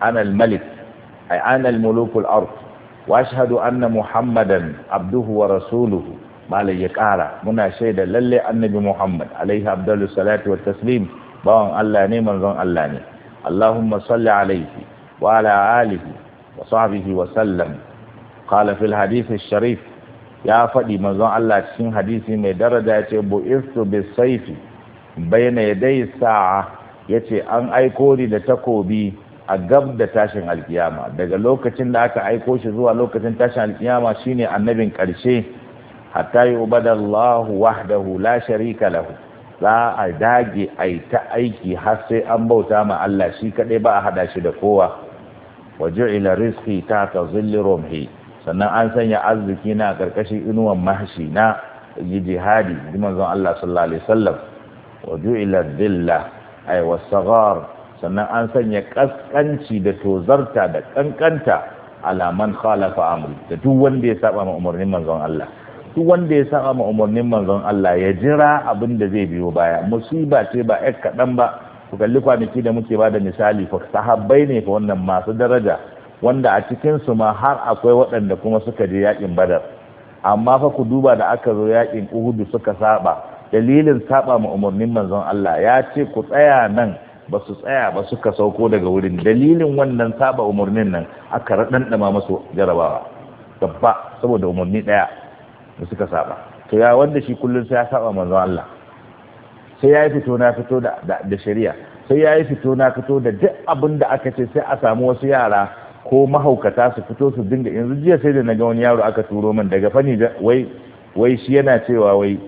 anal malik ay anal mulukul ard wa ashhadu anna muhammadan abduhu wa rasuluhu malai ya ƙara muna shaida lalle annabi muhammad alaihi abdullu salatu wa taslim bawan allah ne manzon allah ne allahumma salli alaihi wa ala alihi wa sahbihi wa sallam qala fil hadith sharif ya faɗi manzon allah cikin hadisi mai daraja ya ce bu'istu bis saifi bayna yadai sa'a yace an aiko ni da takobi a gab da tashin alkiyama daga lokacin da aka aiko shi zuwa lokacin tashin alkiyama shine annabin ƙarshe hatta yi ubadallahu wahdahu la sharika lahu za a dage a yi ta aiki har sai an bauta ma Allah shi kaɗai ba a haɗa shi da kowa waje ila riski ta ta zilli sannan an sanya arziki na ƙarƙashin inuwan mahashi na yi jihadi ji manzon Allah sallallahu alaihi wasallam waje ila zilla ai wasagar sannan an sanya ƙasƙanci da tozarta da ƙanƙanta alaman khalafa amri da duk wanda ya saba ma umarnin manzon Allah duk wanda ya saba ma umarnin manzon Allah ya jira abin da zai biyo baya musiba ce ba ƴar kaɗan ba ku kalli kwanaki da muke ba da misali fa sahabbai ne fa wannan masu daraja wanda a cikin su ma har akwai waɗanda kuma suka je yakin badar amma fa ku duba da aka zo yakin uhudu suka saba dalilin saba ma umarnin manzon Allah ya ce ku tsaya nan ba su tsaya ba suka sauko daga wurin dalilin wannan saba umarnin nan aka raɗanɗama masu jarabawa gaba saboda umarni ɗaya da suka saba to ya wanda shi kullum sai ya saba manzon Allah sai ya fito na fito da shari'a sai ya fito na fito da duk abin da aka ce sai a samu wasu yara ko mahaukata su fito su dinga yanzu jiya sai da naga wani yaro aka turo min daga fani wai wai shi yana cewa wai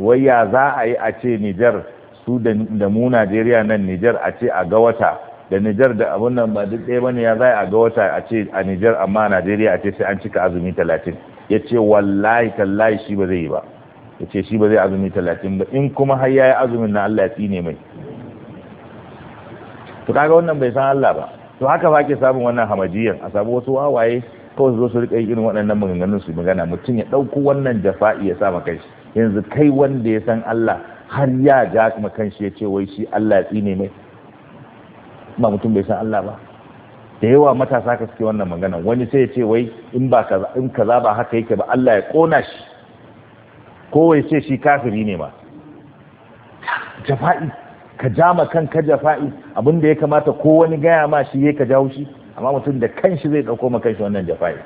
wai ya za a yi a ce Niger su da mu Najeriya nan Niger a ce a ga wata da Niger da abun nan ba duk ɗaya bane ya za a ga wata a ce a Niger amma Najeriya a ce sai an cika azumi talatin ya ce wallahi tallahi shi ba zai yi ba ya ce shi ba zai azumi talatin ba in kuma har ya yi azumin na Allah ya tsine mai to kaga wannan bai san Allah ba to haka ba ke samun wannan hamajiyar a sabu wasu wawaye kawai zo su riƙa yi irin waɗannan maganganun su magana mutum ya ɗauko wannan jafa'i ya sa ma kai yanzu kai wanda ya san Allah har ya ja kuma shi ya ce wai shi Allah ya tsine mai ba mutum bai san Allah ba da yawa matasa ka suke wannan magana wani sai ya ce wai in ba kaza in kaza ba haka yake ba Allah ya kona shi ko wai ce shi kafiri ne ma jafa'i ka jama kanka jafa'i abin da ya kamata ko wani gaya ma shi ya ka jawo shi amma mutum da kanshi zai dauko ma kanshi wannan jafa'i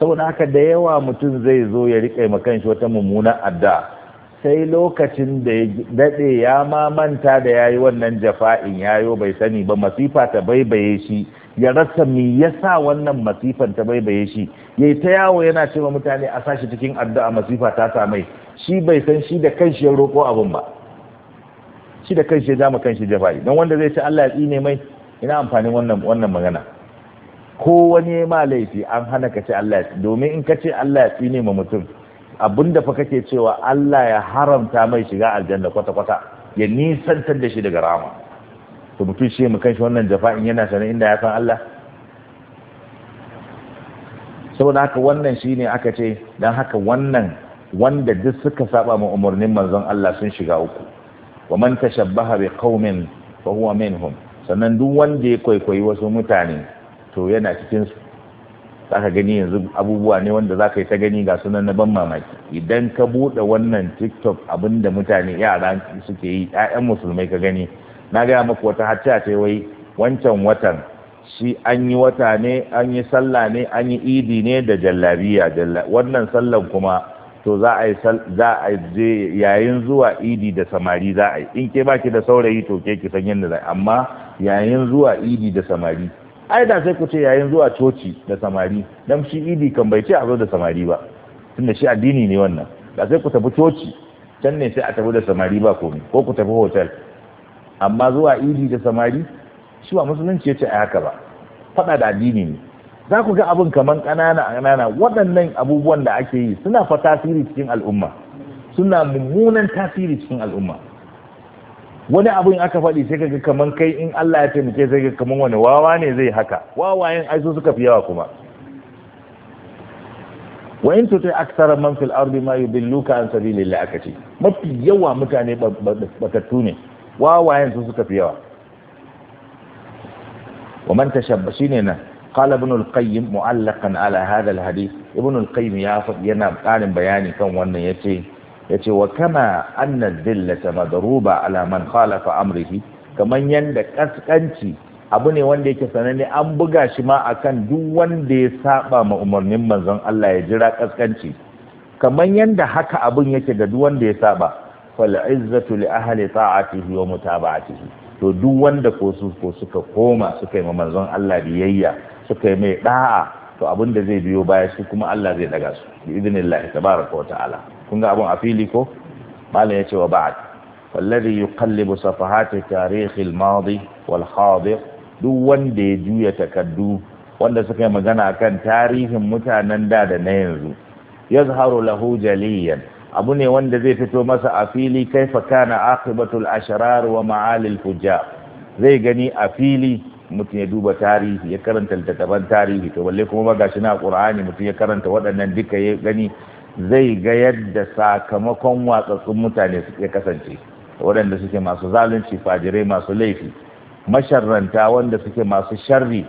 saboda haka da yawa mutum zai zo ya rike ma kanshi wata mummunan addu'a sai lokacin da ya daɗe ya mamanta da ya yi wannan jafa'in ya yi bai sani ba masifa ta baibaye shi ya rasa ya sa wannan masifan ta baibaye shi ya yi ta yawo yana ce mutane a sashi cikin addu'a masifa ta samai shi bai san shi da kanshi ya roƙo abin ba shi da kanshi ya zama kanshi jafa'i don wanda zai ce Allah ya tsine mai ina amfanin wannan wannan magana ko wani ma laifi an hana ka ce Allah ya domin in ka ce Allah ya tsine ma mutum abinda fa kake cewa Allah ya haramta mai shiga aljanna kwata-kwata ya nisantar da shi daga rama to mutum shi mu shi wannan in yana sanin inda ya san Allah saboda haka wannan shine aka ce dan haka wannan wanda duk suka saba ma umarnin manzon Allah sun shiga uku wa man tashabbaha bi qaumin fa huwa minhum sannan duk wanda ya kwaikwayi wasu mutane to yana cikin zaka gani yanzu abubuwa ne wanda zaka yi ta gani ga sunan na ban mamaki idan ka buɗe wannan tiktok abin da mutane yara suke yi 'ya'yan musulmai ka gani na gaya maku wata hatta ce wai wancan watan shi an yi wata ne an yi sallah ne an yi idi ne da jallabiya wannan sallan kuma to za a yi za a je yayin zuwa idi da samari za a yi in ke baki da saurayi to ke ki san yadda za amma yayin zuwa idi da samari ai da sai ku ce yayin zuwa coci da samari dan shi idi kan bai ce a zo da samari ba tunda shi addini ne wannan da sai ku tafi coci can ne sai a tafi da samari ba komai ko ku tafi hotel amma zuwa idi da samari shi ba musulunci ya ce a haka ba faɗa da addini ne za ku ga abin kaman ƙanana ƙanana waɗannan abubuwan da ake yi suna fa tasiri cikin al'umma suna mummunan tasiri cikin al'umma wani abin aka faɗi sai kaga kaman kai in Allah ya taimake sai kaga kaman wani wawa ne zai haka wawayen ai su suka fi yawa kuma wa in tutai aksara man fil ardi ma yudilluka an sabilillah akati mafi yawa mutane batattu ne wawayen su suka fi yawa wa man tashabba shine nan قال ابن القيم معلقا على هذا الحديث ابن القيم يا yana ƙarin bayani kan wannan yace Ya ce wa kama anna dillata madruba ruba alaman khalafa amrihi kamar yadda kaskanci abu ne wanda yake sananne an buga shi ma akan duk wanda ya saba ma umarnin manzon Allah ya jira kaskanci kamar yadda haka abun yake ga duk wanda ya saba fal izzatu li ahli ta'atihi wa mutaba'atihi to duk wanda ko su ko suka koma suka yi ma manzon Allah biyayya suka yi mai da'a to abin da zai biyo baya su kuma Allah zai daga su bi idnillahi tabaraka wa ta'ala kun ga abun a fili ko malam ce wa ba'd wallazi yuqallibu safahati tarihi al-madi wal hadir duk wanda ya juya takaddu wanda suka yi magana akan tarihin mutanen da da na yanzu yazharu lahu jaliyan abu ne wanda zai fito masa a fili kaifa kana aqibatul ashrar wa ma'alil fujjar zai gani a fili mutum ya duba tarihi ya karanta littattafan tarihi to balle kuma ba gashi na qur'ani mutum ya karanta waɗannan duka ya gani zai ga yadda sakamakon watsatsun mutane ya kasance waɗanda suke masu zalunci fajirai masu laifi masharranta wanda suke masu sharri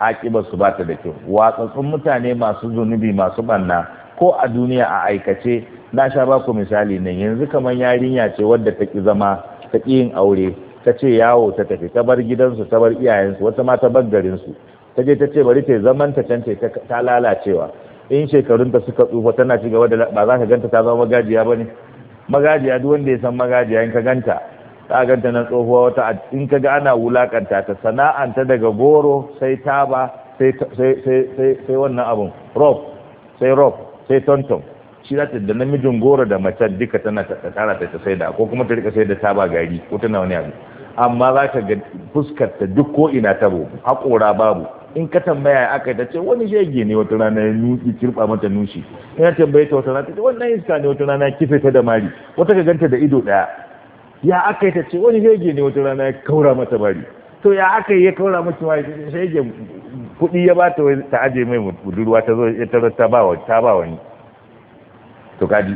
akibar su bata da kyau watsatsun mutane masu zunubi masu banna ko a duniya a aikace na sha baku misali nan yanzu kamar yarinya ce wadda ta ki zama ta ƙi yin aure ta ce yawo ta tafi ta bar gidansu ta bar iyayensu wata ma ta bar garinsu ta je ta ce bari ta zaman ta can ta lalacewa in shekarun ta suka tsufa tana ci gaba da ba za ka ganta ta zama magajiya ba ne magajiya duk wanda ya san magajiya in ka ganta ta ganta nan tsohuwa wata in ka ga ana wulakanta ta sana'anta daga goro sai taba sai wannan abun rob sai rob sai tonton shi za ta da namijin goro da mace duka tana ta tara ta ta saida ko kuma ta rika saida taba gari ko tana wani abu amma za ka ga fuskar ta duk ko ina bo haƙora babu in ka tambaya aka ta ce wani shege ne wata rana ya nuki kirba mata nushi In ka tambaye ta wata rana ta ce wannan iska ne wata rana kife ta da mari wata ka ganta da ido daya ya aka ta ce wani shege ne wata rana ya kaura mata mari to ya aka yi ya kaura mata mari shege kuɗi ya ba ta aje mai budurwa ta zo ta ba ta ba wani to kaji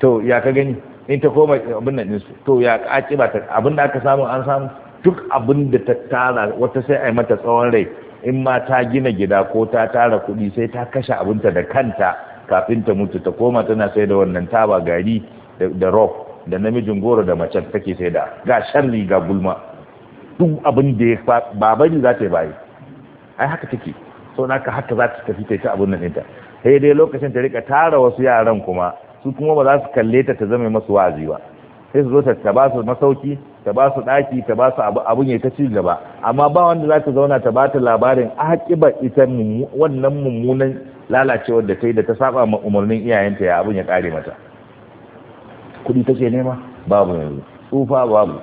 to ya ka gani in ta koma abin nan ɗinsu to ya ka ce ba ta abin da aka samu an samu duk abin da ta tara wata sai a yi mata tsawon rai in ma ta gina gida ko ta tara kuɗi sai ta kashe abinta da kanta kafin ta mutu ta koma tana sai da wannan taba gari da rock da namijin goro da macen take sai da ga sharri ga gulma duk abin da ya fa, babani za ta yi bayi ai haka take sau haka haka za ta tafi ta yi ta abin nan ɗinta sai dai lokacin ta rika tara wasu yaran kuma su kuma ba za su kalle ta ta zama masu wazi ba sai su zo ta ba su masauki ta ba su ta ba su abun ya ta ci gaba amma ba wanda za ta zauna ta ba ta labarin akibar ita wannan mummunan lalacewar da ta yi da ta saba ma umarnin iyayenta ya abun ya ƙare mata take nema babu yanzu tsufa babu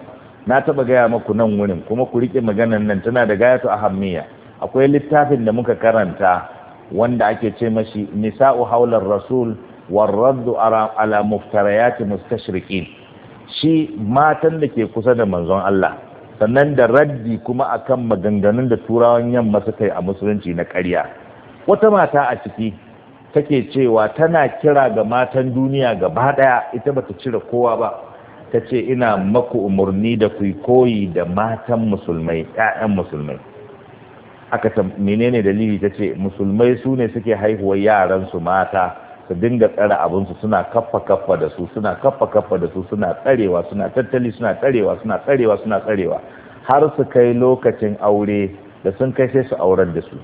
na taba gaya maku nan wurin kuma ku riƙe maganar nan tana da gayatu ahammiya akwai littafin da muka karanta wanda ake ce mashi nisa'u haular rasul raddu ala muftarayati mustashriqin shi matan da ke kusa da manzon Allah sannan da raddi kuma akan maganganun da turawan yamma suka yi a musulunci na ƙarya wata mata a ciki take cewa tana kira ga matan duniya gaba daya, ita bata cire kowa ba ta ce ina maku umarni da ku koyi da matan musulmai 'ya'yan musulmai aka ta menene dalili ta ce musulmai su ne suke haihuwar yaran su mata su dinga tsara abinsu suna kaffa kaffa da su suna kaffa kaffa da su suna tsarewa suna tattali suna tsarewa suna tsarewa suna tsarewa har su kai lokacin aure da sun kai sai su auren da su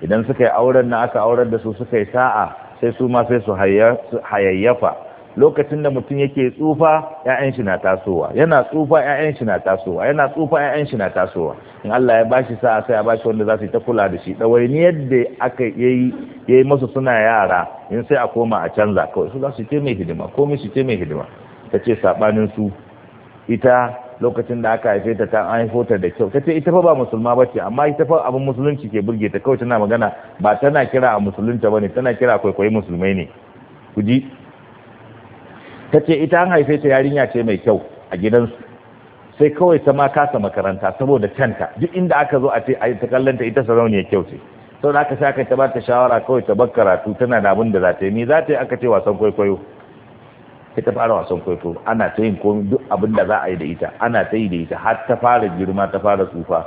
idan suka yi auren na aka auren da su suka yi sa'a sai su ma sai su hayayyafa lokacin da mutum yake tsufa ya'ya'n shi na tasowa yana tsufa ya'ya'n shi na tasowa yana tsufa ya'ya'n shi na tasowa in Allah ya bashi sa'a sai ya bashi wanda za su ta kula da shi wani yadda aka yayi yayi masu suna yara in sai a koma a canza kawai su za su ce mai hidima komai su ce mai hidima ta ce sabanin su ita lokacin da aka haife ta ta haifo ta da kyau ta ce ita fa ba musulma bace amma ita fa abin musulunci ke burge ta kawai tana magana ba tana kira a musulunta bane tana kira kwaikwayi musulmai ne ku ji ta ce ita an haife ta yarinya ce mai kyau a gidansu sai kawai ta ma kasa makaranta saboda canta duk inda aka zo a ce a ta kallanta ita sarauniya kyau ce sau da aka sha kai ta ba ta shawara kawai ta bar karatu tana da abin da za ta yi ni za ta yi aka ce wasan kwaikwayo sai ta fara wasan kwaikwayo ana ta yin komi duk abin da za a yi da ita ana ta yi da ita har ta fara girma ta fara tsufa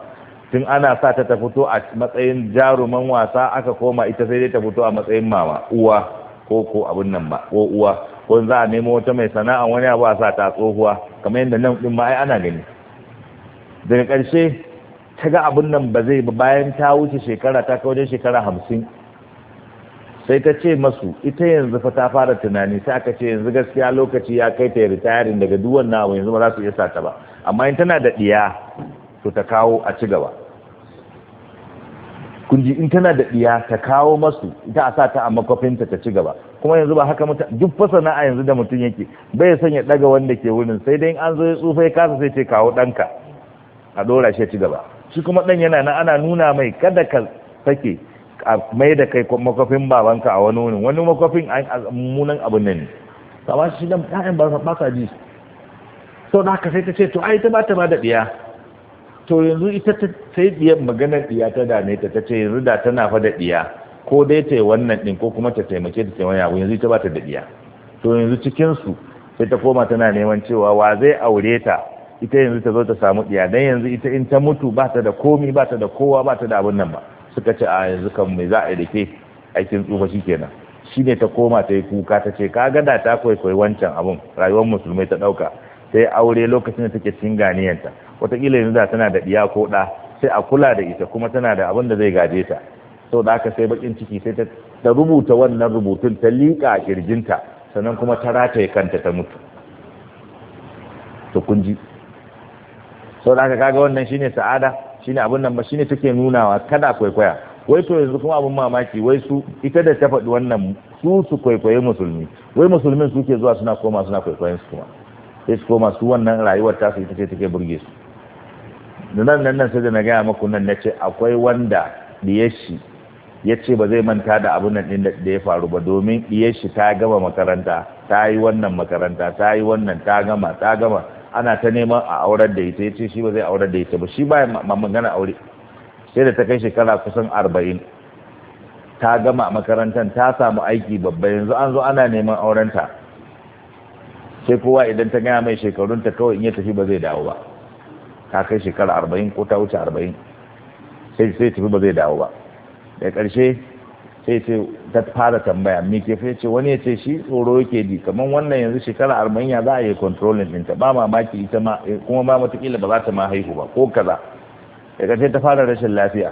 tun ana sa ta ta fito a matsayin jaruman wasa aka koma ita sai dai ta fito a matsayin mama uwa ko ko abin nan ba ko uwa ko za a nemo wata mai sana'a wani abu a sa ta tsohuwa kamar yadda nan ɗin ma ai ana gani daga ƙarshe ta ga abin nan ba zai ba bayan ta wuce shekara ta kawo shekara hamsin sai ta ce masu ita yanzu fa ta fara tunani sai aka ce yanzu gaskiya lokaci ya kai ta ritayarin daga duk wannan abu yanzu ba za su iya ta ba amma in tana da ɗiya to ta kawo a ci gaba kun ji in tana da ɗiya ta kawo masu ita a sa ta a makwafinta ta ci gaba kuma yanzu ba haka mutum duk fasana a yanzu da mutum yake bai son ya ɗaga wanda ke wurin sai dai an zo ya tsufa ya kasa sai ce kawo ɗanka a ɗora shi ya ci gaba shi kuma ɗan yana nan ana nuna mai kada ka sake a mai da kai makwafin babanka a wani wurin wani makwafin munan abin nan ne ba shi ɗan ɗayan ba sa ji sau da haka sai ta ce to ai ta ba ta ba da ɗiya to yanzu ita ta sai diyan maganar diya ta dame ta ta ce yanzu da tana fa da diya ko dai ta yi wannan din ko kuma ta taimake ta taimaka abu yanzu ita ba ta da diya to yanzu cikin su sai ta koma tana neman cewa wa zai aure ta ita yanzu ta zo ta samu diya dan yanzu ita in ta mutu ba ta da komi ba ta da kowa ba ta da abun nan ba suka ce a yanzu kan me za a yi da ke aikin tsufa shikenan shi ne ta koma ta yi kuka ta ce ka gada ta kwaikwayi wancan abun rayuwar musulmai ta ɗauka sai aure lokacin da take cin ganiyanta wataƙila yanzu da tana da ɗiya ko ɗa sai a kula da ita kuma tana da abin da zai gaje ta sau da aka sai bakin ciki sai ta rubuta wannan rubutun ta liƙa a ƙirjinta sannan kuma ta rataye kanta ta mutu to kun ji sau da aka kaga wannan shine sa'ada shine abin nan ba shine take nunawa kada kwaikwaya wai to yanzu kuma abin mamaki wai su ita da ta faɗi wannan su su kwaikwaye musulmi wai musulmin suke zuwa suna koma suna kwaikwayen su kuma sai su koma su wannan rayuwar tasu ita ce take burge su nan nan nan sai da na gaya maku nan na ce akwai wanda diyashi ya ce ba zai manta da abin nan ɗin da ya faru ba domin diyashi ta gama makaranta ta yi wannan makaranta ta yi wannan ta gama ta gama ana ta neman a aurar da ita ya ce shi ba zai aurar da ita ba shi ba magana aure sai da ta kai shekara kusan arba'in ta gama a makarantar ta samu aiki babba yanzu an zo ana neman aurenta sai kowa idan ta gaya mai shekarunta kawai in ya tafi ba zai dawo ba ta kai shekara arba'in ko ta wuce arba'in sai sai tafi ba zai dawo ba da ƙarshe sai ce ta fara tambaya me ke fece wani ya ce shi tsoro yake di kamar wannan yanzu shekara arba'in ya za a yi controlling ɗinta ba mamaki ita ma eh, kuma ba matakila ba za ta ma haihu ba ko kaza da ƙarshe ta fara rashin lafiya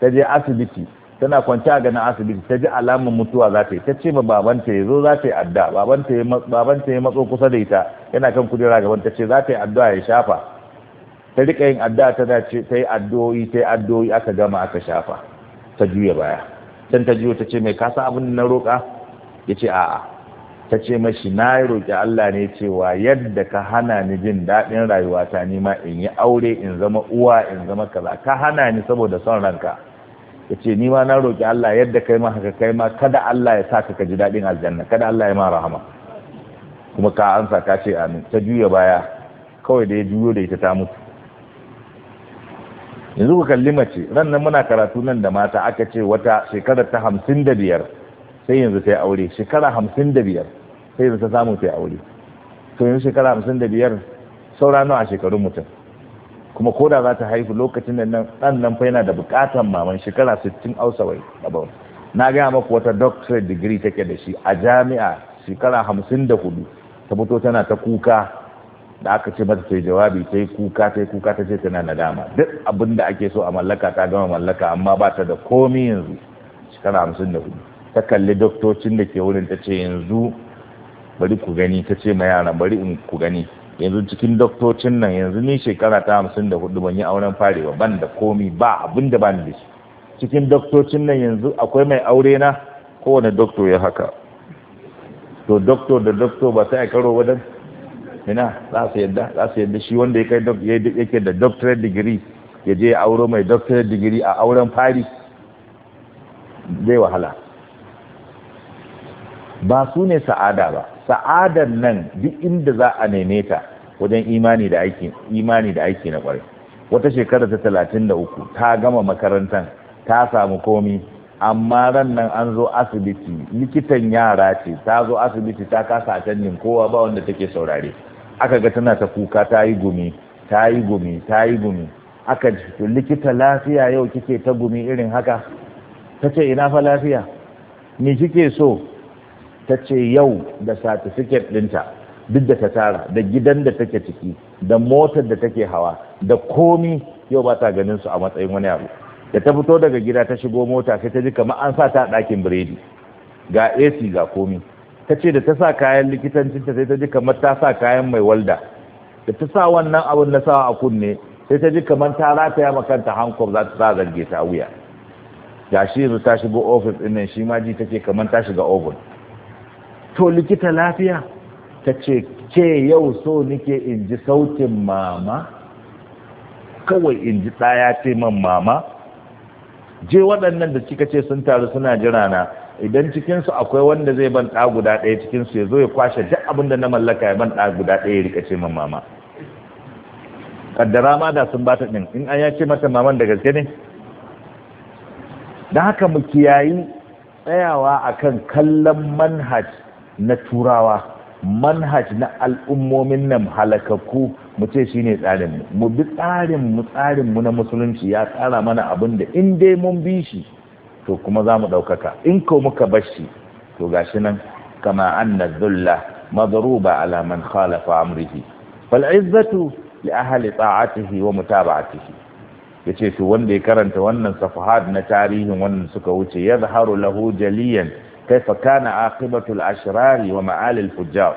ta je asibiti tana kwanci a ganin asibiti ta ji alamun mutuwa za ta yi ta ce ma babanta ya zo za ta yi adda babanta ya matso kusa da ita yana kan kudura gaban ta ce za ta yi addu'a ya shafa ta rika yin addu'a tana ce ta yi addu'o'i ta yi addu'o'i aka gama aka shafa ta juya baya can ta juya ta ce mai kasa abin da na roƙa ya ce a'a ta ce mashi na roƙi Allah ne cewa yadda ka hana ni jin daɗin rayuwata ni ma in yi aure in zama uwa in zama kaza ka hana ni saboda son ranka ya ce ni ma na roƙi Allah yadda kai ma haka kai ma kada Allah ya sa ka ji daɗin aljanna kada Allah ya ma rahama kuma ka ansa ka ce amin ta juya baya kawai da ya juyo da ita ta mutu yanzu ku kalli mace ran nan muna karatu nan da mata aka ce wata shekara ta hamsin da biyar sai yanzu ta yi aure shekara hamsin da biyar sai yanzu ta samu ta yi aure to yanzu shekara hamsin da biyar saura nawa a shekarun mutum kuma ko da za ta haihu lokacin da nan ɗan nan fa yana da buƙatar maman shekara sittin ausawai abau na gaya maku wata doctorate degree take da shi a jami'a shekara hamsin da hudu ta fito tana ta kuka da aka ce mata sai jawabi sai kuka sai kuka ta ce tana nadama duk abin da ake so a mallaka ta gama mallaka amma ba ta da komi yanzu shekara hamsin da hudu ta kalli doktocin da ke wurin ta ce yanzu bari ku gani ta ce ma yaran bari in ku gani yanzu cikin doktocin nan yanzu ni shekara ta hamsin da hudu ban yi auren fare ba ban da komi ba abin da ban da shi cikin doktocin nan yanzu akwai mai aure na kowane dokto ya haka to dokto da dokto ba sai a karo wadanda ina za su yadda za su yadda shi wanda ya yake da doctorate degree ya je auro mai doctorate degree a auren fari zai wahala ba su ne sa'ada ba sa'adar nan duk inda za a neme ta wajen imani da aiki imani da aiki na kwarai wata shekara ta talatin da uku ta gama makarantar ta samu komi amma ran nan an zo asibiti likitan yara ce ta zo asibiti ta kasa a canjin kowa ba wanda take saurare aka ga tana ta kuka ta yi gumi ta yi gumi ta yi gumi aka ce likita lafiya yau kike ta gumi irin haka ta ce ina fa lafiya ni kike so ta ce yau da satifiket ɗinta duk da ta tara da gidan da take ciki da motar da take hawa da komi yau ba ta ganin su a matsayin wani abu da ta fito daga gida ta shigo mota sai ta ji kamar an sa ta ɗakin biredi ga ac ga komi ta ce da ta sa kayan likitancinta sai ta ji kamar ta sa kayan mai walda da ta sa wannan abin na sawa a kunne sai ta ji kamar ta ya makanta hankob za ta sa zarge ta wuya ga shi yanzu ta shigo ofis ɗin nan shi ma ji ta ce kamar ta shiga oven to likita lafiya ta ce ke yau so nike in ji sautin mama kawai in ji ɗaya ce man mama je waɗannan da kika ce sun taru suna jira na idan cikinsu akwai wanda zai ban ɗa guda ɗaya cikinsu ya zo ya kwashe duk abin da na mallaka ya ban ɗa guda ɗaya ya rikace min mama kaddara ma da sun bata ɗin in an yace mata maman da gaske ne da haka mu kiyayi tsayawa akan kallon manhaj na turawa manhaj na al'ummomin nan halakakku mu ce shi ne tsarinmu mu bi tsarinmu tsarinmu na musulunci ya tsara mana abin da in dai mun bi shi to kuma za mu ɗaukaka in ko muka bashi to gashi nan kama anna dhulla madruba ala man khalafa amrihi fal izzatu li ahli ta'atihi wa mutaba'atihi yace to wanda ya karanta wannan safahat na tarihin wannan suka wuce yadhharu lahu jaliyan kaifa kana aqibatu al-ashrari wa ma'al al-fujjar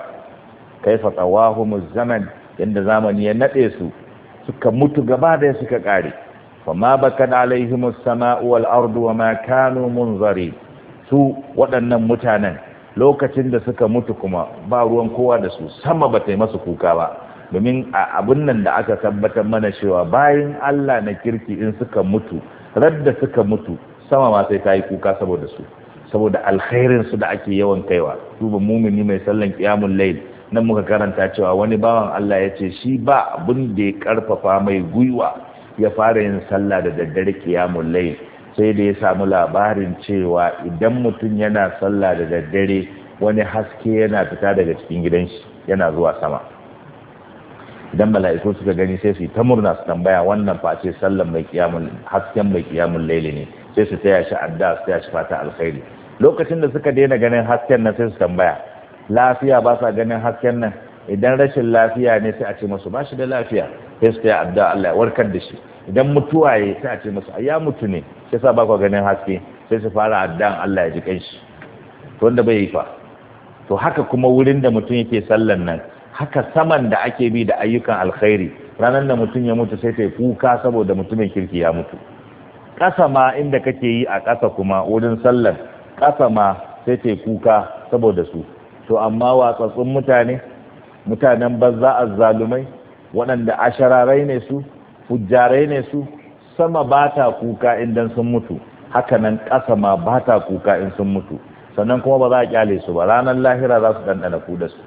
kaifa tawahum az-zaman zamani ya nade su suka mutu gaba da suka kare فما bakan عليهم السماء والارض وما wa ma سو munzari su waɗannan mutanen lokacin da suka mutu kuma ba ruwan kowa da su sama ba ta yi masu kuka ba domin abin nan da aka tabbatar mana cewa bayan Allah na kirki in suka mutu radda suka mutu sama ma sai ta yi kuka saboda su saboda alkhairin su da ake yawan kaiwa duba mumini mai sallan qiyamul layl nan muka karanta cewa wani bawan Allah ya ce shi ba abun da ya karfafa mai gwiwa ya fara yin sallah da daddare kiyamun layl sai da ya samu labarin cewa idan mutum yana sallah da daddare wani haske yana fita daga cikin gidan shi yana zuwa sama idan mala'iku suka gani sai su yi ta murna su tambaya wannan face sallan mai kiyamun hasken mai kiyamun laili ne sai su taya shi adda su taya shi fata alkhairi lokacin da suka daina ganin hasken nan sai su tambaya lafiya ba sa ganin hasken nan idan rashin lafiya ne sai a ce masu ba shi da lafiya sai su taya adda Allah ya warkar da shi idan mutuwa ya sai a ce masu ya mutu ne sai sa ba ku ganin haske sai su fara addan Allah ya ji kanshi to wanda bai yi fa to haka kuma wurin da mutum yake sallan nan haka saman da ake bi da ayyukan alkhairi ranar da mutum ya mutu sai ta kuka saboda mutumin kirki ya mutu ƙasa ma inda kake yi a ƙasa kuma wurin sallan ƙasa ma sai ta kuka saboda su to amma watsatsun mutane mutanen banza zalumai waɗanda ashararai ne su fujjarai ne su sama ba ta kuka idan sun mutu hakanan ƙasa ma ba ta kuka in sun mutu sannan kuma ba za a kyale su ba ranar lahira za su ɗanɗana ku da su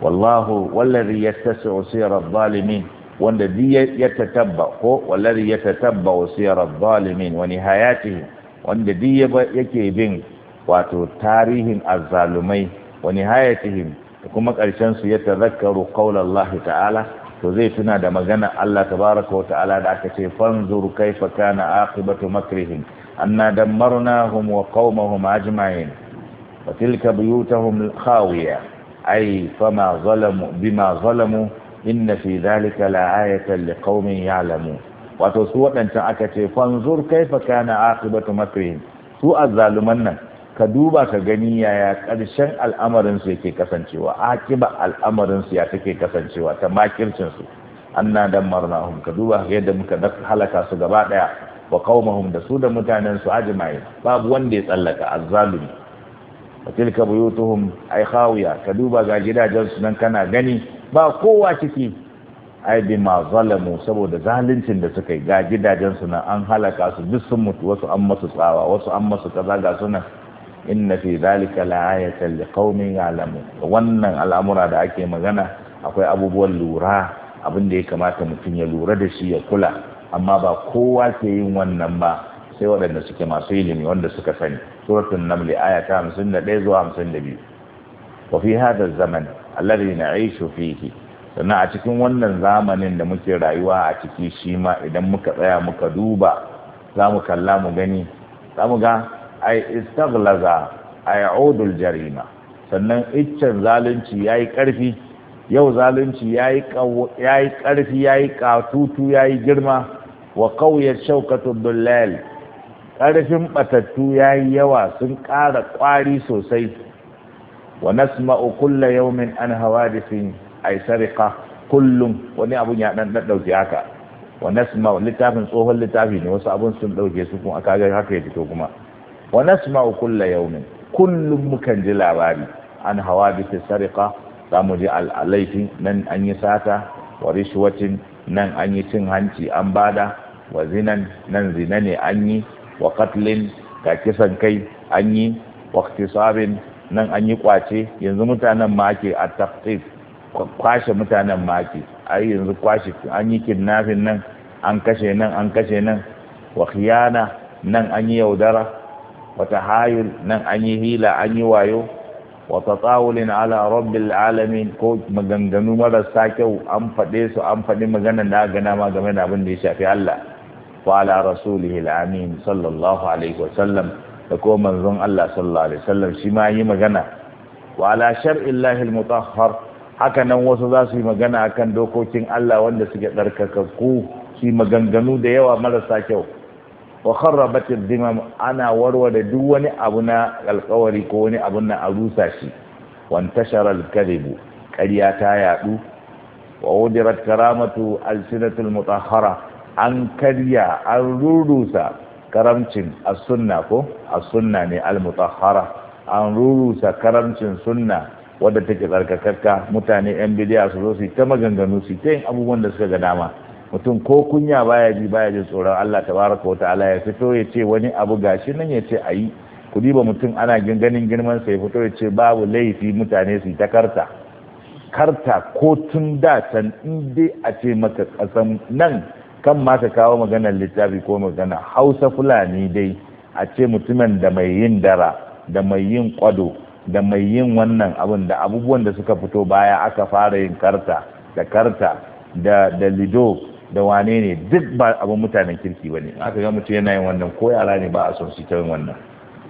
wallahu wallari ya tasi wasiyarar zalimin wanda duk ya tatabba ko wallari ya tatabba wasiyarar zalimin wani hayati wanda yake bin wato tarihin azzalumai wani hayati kuma ƙarshen su ya tazakkaru qaulallahi ta'ala to zai tuna da magana Allah tabaraka wata'ala da aka ce fanzur kaifa kana aqibatu makrihim anna dammarnahum wa qaumahum ajma'in wa tilka buyutuhum khawiya ay fama zalamu bima zalamu inna fi dhalika la'ayatan liqaumin ya'lamun wato su wadancan aka ce fanzur kaifa kana aqibatu makrihim su azzaluman nan ka duba ka gani yaya ƙarshen al'amarinsu yake kasancewa akiba al'amarinsu ya take kasancewa ta makircinsu anna dammarnahum ka duba yadda muka halaka su gaba daya wa qaumahum da su da mutanen su ajmai babu wanda ya tsallaka azzalimi wa tilka buyutuhum ay khawiya ka duba ga gidajen su nan kana gani ba kowa ciki ai bi ma zalamu saboda zaluncin da suka yi ga gidajen su nan an halaka su duk sun mutu wasu an masu tsawa wasu an masu kaza ga sunan inna fi zalika la'ayatan liqaumin ya'lamu wannan al'amura da ake magana akwai abubuwan lura abin da ya kamata mutum ya lura da shi ya kula amma ba kowa ke yin wannan ba sai waɗanda suke masu ilimi wanda suka sani suratul naml aya ta 51 zuwa 52 wa fi hada zaman alladhi na'ishu fihi sannan a cikin wannan zamanin da muke rayuwa a ciki shi ma idan muka tsaya muka duba za mu kalla mu gani za mu ga ai istaglaza ai udul jarima sannan iccen zalunci yayi karfi yau zalunci yayi yayi karfi yayi katutu yayi girma wa qawya shawkatu dullal karfin batattu yayi yawa sun ƙara ƙwari sosai wa nasma'u kulla yawmin an hawadithin ay sariqa kullum wani abun ya dan dauke haka wa nasma'u littafin tsohon littafi ne wasu abun sun dauke su kuma aka ga haka ya fito kuma wa nasma'u kulla yawmin kullum mukan ji labari an sarika Za mu ji al'alaifi nan an yi sata wa rishwatin nan an yi cin hanci an bada wa zinan nan zina ne an yi wa katlin ga kisan kai an yi wa ktisabin nan an yi kwace yanzu mutanen ma a taqtif kwashe mutanen ma a ai yanzu kwashe an yi kidnafin nan an kashe nan an kashe nan wa khiyana nan an yi yaudara wata hayul nan an yi hila an yi wayo wata tsawulin ala rabbil alamin ko maganganu marasa kyau an faɗe su an faɗi magana da gana ma game da abin da ya shafi Allah wa ala rasulihi al-amin sallallahu alaihi wa sallam da ko manzon Allah sallallahu alaihi wa sallam shi ma yi magana wa ala shar'illahi al-mutahhar haka nan wasu za su yi magana akan dokokin Allah wanda suke tsarkakakku su maganganu da yawa marasa kyau wa kharrabatil dimam ana warware duk wani abu na alƙawari ko wani abu na arusa shi wan tashara al-kadhibu ƙarya ta yadu wa udirat karamatu al-sinatil mutahhara an karya an rurusa karamcin as-sunna ko as-sunna ne al-mutahhara an rurusa karamcin sunna wadda take tsarkakakka mutane yan bidiya su zo su ta maganganu su ta yin abubuwan da suka ga dama mutum ko kunya baya ji baya jin tsoron Allah tabaraka wa ta'ala ya fito ya ce wani abu gashi nan ya ce ayi ku diba mutum ana ganin girman sa ya fito ya ce babu laifi mutane su ta karta karta ko tun da san in dai a ce maka kasan nan kan ma ka kawo maganar littafi ko magana hausa fulani dai a ce mutumin da mai yin dara da mai yin kwado da mai yin wannan abin da abubuwan da suka fito baya aka fara yin karta da karta da da lido da wane ne duk ba abin mutanen kirki ba ne aka ga mutum yana yin wannan ko yara ne ba a son su ta yin wannan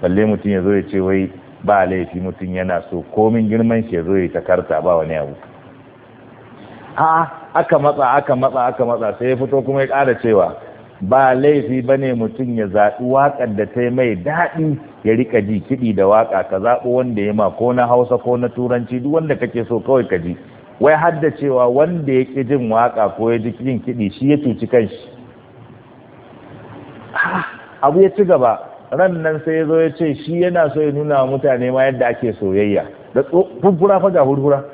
balle mutum ya zo ya ce wai ba laifi mutum yana so komin girman shi ya zo ya takarta karta ba wani abu a aka matsa aka matsa aka matsa sai ya fito kuma ya ƙara cewa ba laifi ba ne mutum ya zaɓi waƙar da ta yi mai daɗi ya riƙa ji kiɗi da waƙa ka zaɓi wanda ya ma ko na hausa ko na turanci duk wanda kake so kawai ka ji wai hadda cewa wanda ya ƙi jin waka ko ya ji yin kiɗi shi ya cuci kanshi abu ya ci gaba ran nan sai ya zo ya ce shi yana so ya nuna wa mutane ma yadda ake soyayya da furfura fa ga furfura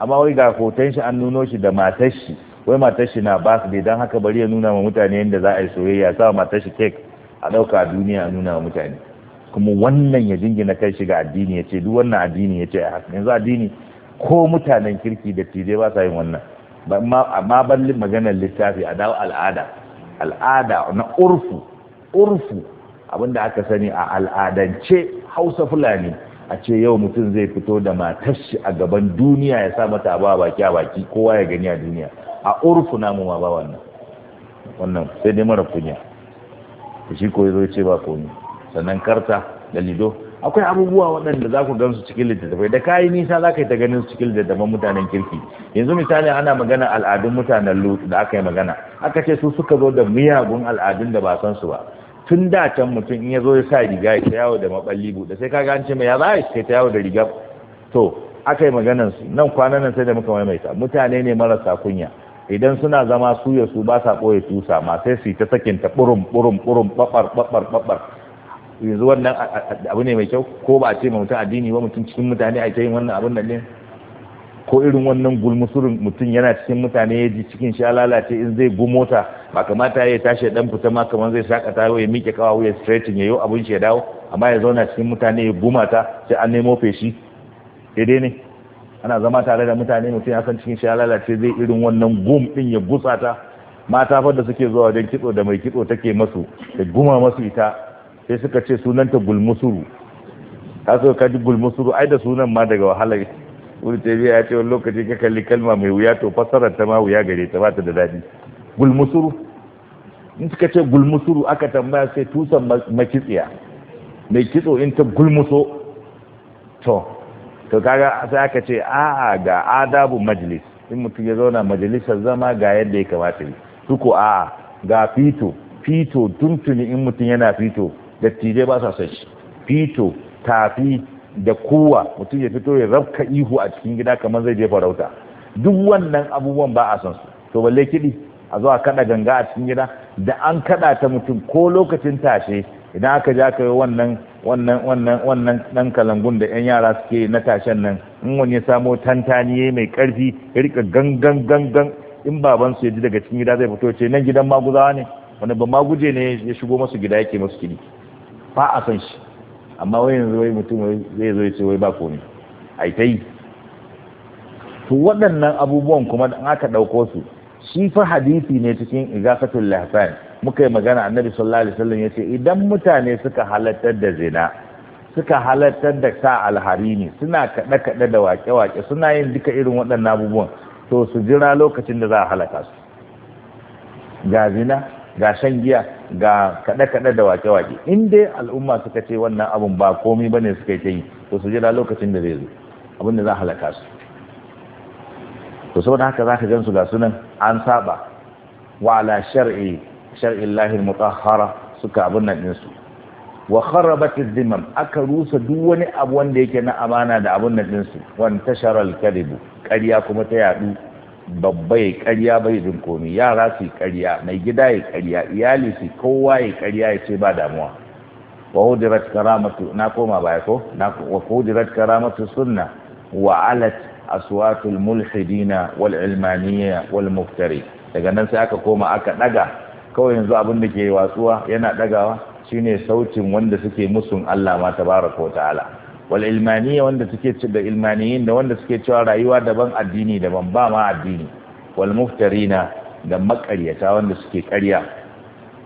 amma wai ga hoton shi an nuno shi da matar shi wai matar shi na ba su dai don haka bari ya nuna wa mutane yadda za a yi soyayya sa matar shi kek a ɗauka a duniya a nuna wa mutane kuma wannan ya jingina kai shi ga addini ya ce duk wannan addini ya ce yanzu addini ko mutanen kirki da tije ba sa yin wannan ma ballin maganar littafi a dawo al'ada al'ada na urfu urfu abinda aka sani a al'adance hausa fulani a ce yau mutum zai fito da matar a gaban duniya ya sa mata ba baki a baki kowa ya gani a duniya a urfu namu ma ba wannan wannan sai dai mara kunya shi ko ya zo ce ba komi sannan karta da lido akwai abubuwa waɗanda za ku gansu cikin littattafai da kayi nisa za ka yi ta ganin su cikin littattafan mutanen kirki yanzu misali ana magana al'adun mutanen lut da aka yi magana aka ce su suka zo da miyagun al'adun da ba san su ba tun da can mutum in ya zo ya sa riga ya yawo da maɓalli buɗe sai kaga an ce mai ya za a ta yawo da riga to aka yi maganan su nan kwanan nan sai da muka maimaita mutane ne marasa kunya idan suna zama su ya su ba sa ɓoye tusa ma sai su yi ta sakin ta ɓurum ɓurum ɓurum ɓaɓar ɓaɓar ɓaɓar yanzu wannan abu ne mai kyau ko ba a ce mutum addini ba mutum cikin mutane a ta yin wannan abin nan ne ko irin wannan gulmusurin mutum yana cikin mutane ya ji cikin sha lalace in zai mota ba kamata ya tashi dan fita ma kamar zai shakata ya miƙe kawa ya straighten ya yi abun shi ya dawo amma ya zauna cikin mutane ya gumata sai an nemo feshi daidai ne ana zama tare da mutane mutum ya san cikin sha lalace zai irin wannan gum din ya gusa ta mata fa da suke zuwa wajen kitso da mai kitso take masu da guma masu ita sai suka ce sunanta gulmusuru ta so ka ji gulmusuru ai da sunan ma daga wahala wuri ta biya ya ce wani lokaci ka kalli kalma mai wuya to fassarar ta ma wuya gare ta bata da daɗi gulmusuru in suka ce gulmusuru aka tambaya sai tusan makitsiya mai kitso in ta gulmuso to to kaga sai aka ce a'a ga adabu majlis in mutum ya zauna majalisar zama ga yadda ya kamata yi suko a'a ga fito fito tuntuni in mutum yana fito dattijai ba sa son shi fito tafi da kowa mutum ya fito ya rabka ihu a cikin gida kamar zai je farauta duk wannan abubuwan ba a son su to balle kiɗi a zo a kaɗa ganga a cikin gida da an kaɗa ta mutum ko lokacin tashe idan aka ja ka yi wannan wannan wannan wannan dan kalangun da yan yara suke na tashen nan in wani ya samo tantaniye mai karfi ya rika gangan gangan in baban su ya ji daga cikin gida zai fito ce nan gidan maguzawa ne wani ba maguje ne ya shigo masu gida yake masu kidi ba a san shi amma wai yanzu wai mutum zai zo ce wai ba komai ai ta to waɗannan abubuwan kuma da aka ɗauko su shi fa hadisi ne cikin igafatul lahsan muka yi magana annabi sallallahu alaihi wasallam yace idan mutane suka halattar da zina suka halattar da sa alharini suna kaɗe kaɗe da wake wake suna yin duka irin waɗannan abubuwan to su jira lokacin da za a halaka su ga zina ga shan giya ga kaɗe-kaɗe da wake-wake in dai al'umma suka ce wannan abun ba komi ba ne suka yi to su jira lokacin da zai zo abin da za halaka su to saboda haka za ka gan su ga sunan an saba wa ala shar'i shar'in lahil mutahhara suka abin nan ɗinsu wa kharabati dhimam aka rusa duk wani abu wanda yake na amana da abin nan ɗinsu tashar al kadibu ƙarya kuma ta yadu babba ya karya bai jin komi yara su karya mai gida ya karya iyali su kowa ya karya ya ce ba damuwa wa hudirat karamatu na koma baya ko wa hudirat karamatu sunna wa alat aswatul mulhidina wal ilmaniya wal muftari daga nan sai aka koma aka daga kawai yanzu abin da ke watsuwa yana dagawa shine sautin wanda suke musun Allah ma tabaraka wa ta'ala wal wanda suke ce da ilmaniyin da wanda suke cewa rayuwa daban addini daban ba ma addini wal muftarina da makaryata wanda suke karya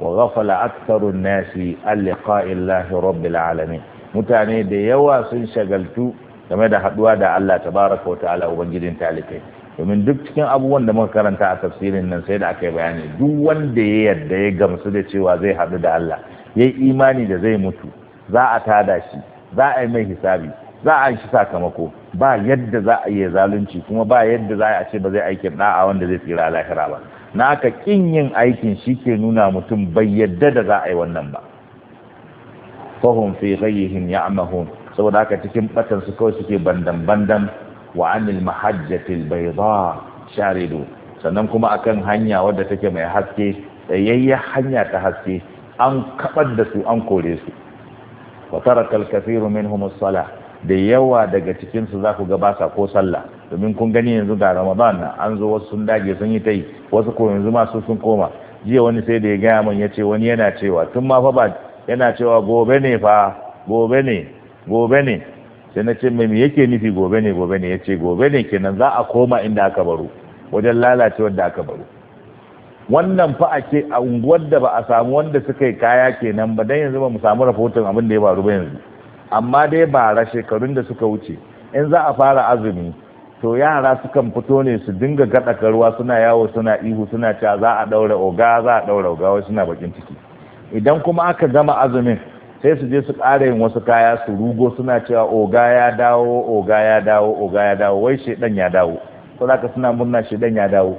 wa ghafala aktharun nasi an liqa'illahi rabbil alamin mutane da yawa sun shagaltu game da haduwa da Allah tabaraka wa ta'ala ubangijin talikai domin duk cikin abubuwan da muka karanta a tafsirin nan sai da aka yi bayani duk wanda ya yadda ya gamsu da cewa zai haɗu da Allah yayi imani da zai mutu za a tada shi za a yi mai hisabi za a yi shi sakamako ba yadda za a yi zalunci kuma ba yadda za a ce ba zai aikin da'a wanda zai tsira lahira ba na aka kin yin aikin shi ke nuna mutum bai yadda da za a yi wannan ba fahim fi ya ya'mahun saboda haka cikin batan su kawai suke bandan bandan wa anil mahajjatil bayda sharidu sannan kuma akan hanya wadda take mai haske tsayayyen hanya ta haske an kabar da su an kore su fataraka al-kathiru minhum as-salah da yawa daga cikinsu su zaku ga ba ko sallah domin kun gani yanzu ga Ramadan na an zo wasu sun dage sun yi tai wasu ko yanzu ma sun koma jiya wani sai da ya gaya min yace wani yana cewa tun ma fa yana cewa gobe ne fa gobe ne gobe ne sai na ce mai yake nufi gobe ne gobe ne yace gobe ne kenan za a koma inda aka baro wajen lalacewar da aka baro wannan fa a ce a unguwar da ba a samu wanda suka yi kaya kenan ba dan yanzu ba mu samu rahoton abin da ya faru ba yanzu amma dai ba bara shekarun da suka wuce in za a fara azumi to yara sukan fito ne su dinga gaɗa karuwa suna yawo suna ihu suna cewa za a ɗaura oga za a ɗaura oga wai suna bakin ciki idan kuma aka gama azumin sai su je su ƙara yin wasu kaya su rugo suna cewa oga ya dawo oga ya dawo oga ya dawo wai shedan ya dawo saboda suna murna shedan ya dawo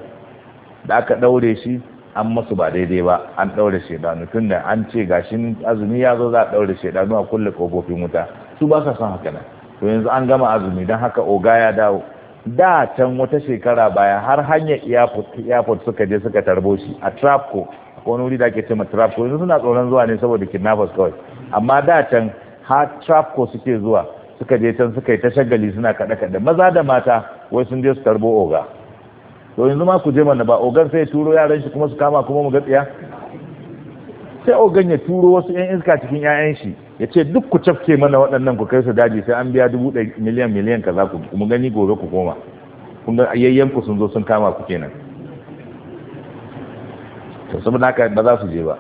da aka daure shi an masu ba daidai ba an daure shedanu tun da an ce ga gashin azumi ya zo za a daure shedanu a kulle kofofin wuta su ba sa son haka nan to yanzu an gama azumi don haka oga ya dawo da can wata shekara baya har hanyar airport suka je suka tarbo shi a trapco wani wuri da ake ce ma trapco yanzu suna tsoron zuwa ne saboda kidnappers kawai amma da can har trapco suke zuwa suka je can suka yi ta shagali suna kaɗe-kaɗe maza da mata wai sun je su tarbo oga to yanzu ma ku je mana ba ogan sai ya turo yaran shi kuma su kama kuma mu gatsiya sai ogan ya turo wasu yan iska cikin yayan shi ya ce duk ku cafke mana waɗannan ku kai su daji sai an biya dubu miliyan miliyan kaza ku mu gani gobe ku koma kun ga ku sun zo sun kama ku kenan to saboda haka ba za su je ba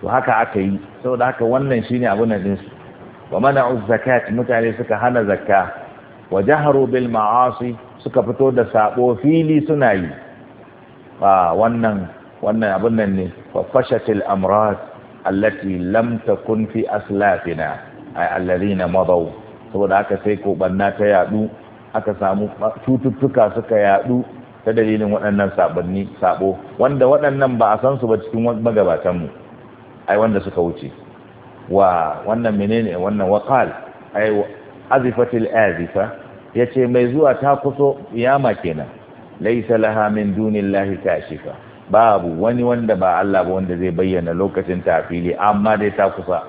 to haka aka yi saboda haka wannan shine abu na din wa mana'u zakat mutane suka hana zakka wa jaharu bil ma'asi suka fito da sabo fili suna yi a wannan wannan abin nan ne fa fashatil amrad allati lam takun fi aslafina ay alladhina madaw saboda haka sai ko banna ta yadu aka samu cututtuka suka yadu ta dalilin waɗannan sabanni sabo wanda waɗannan ba a san su ba cikin magabatan mu ai wanda suka wuce wa wannan menene wannan waqal ai azifatil azifa ya ce mai zuwa ta kuso yama kenan laisa laha min dunillahi kashifa babu wani wanda ba Allah ba wanda zai bayyana lokacin tafili amma dai ta kusa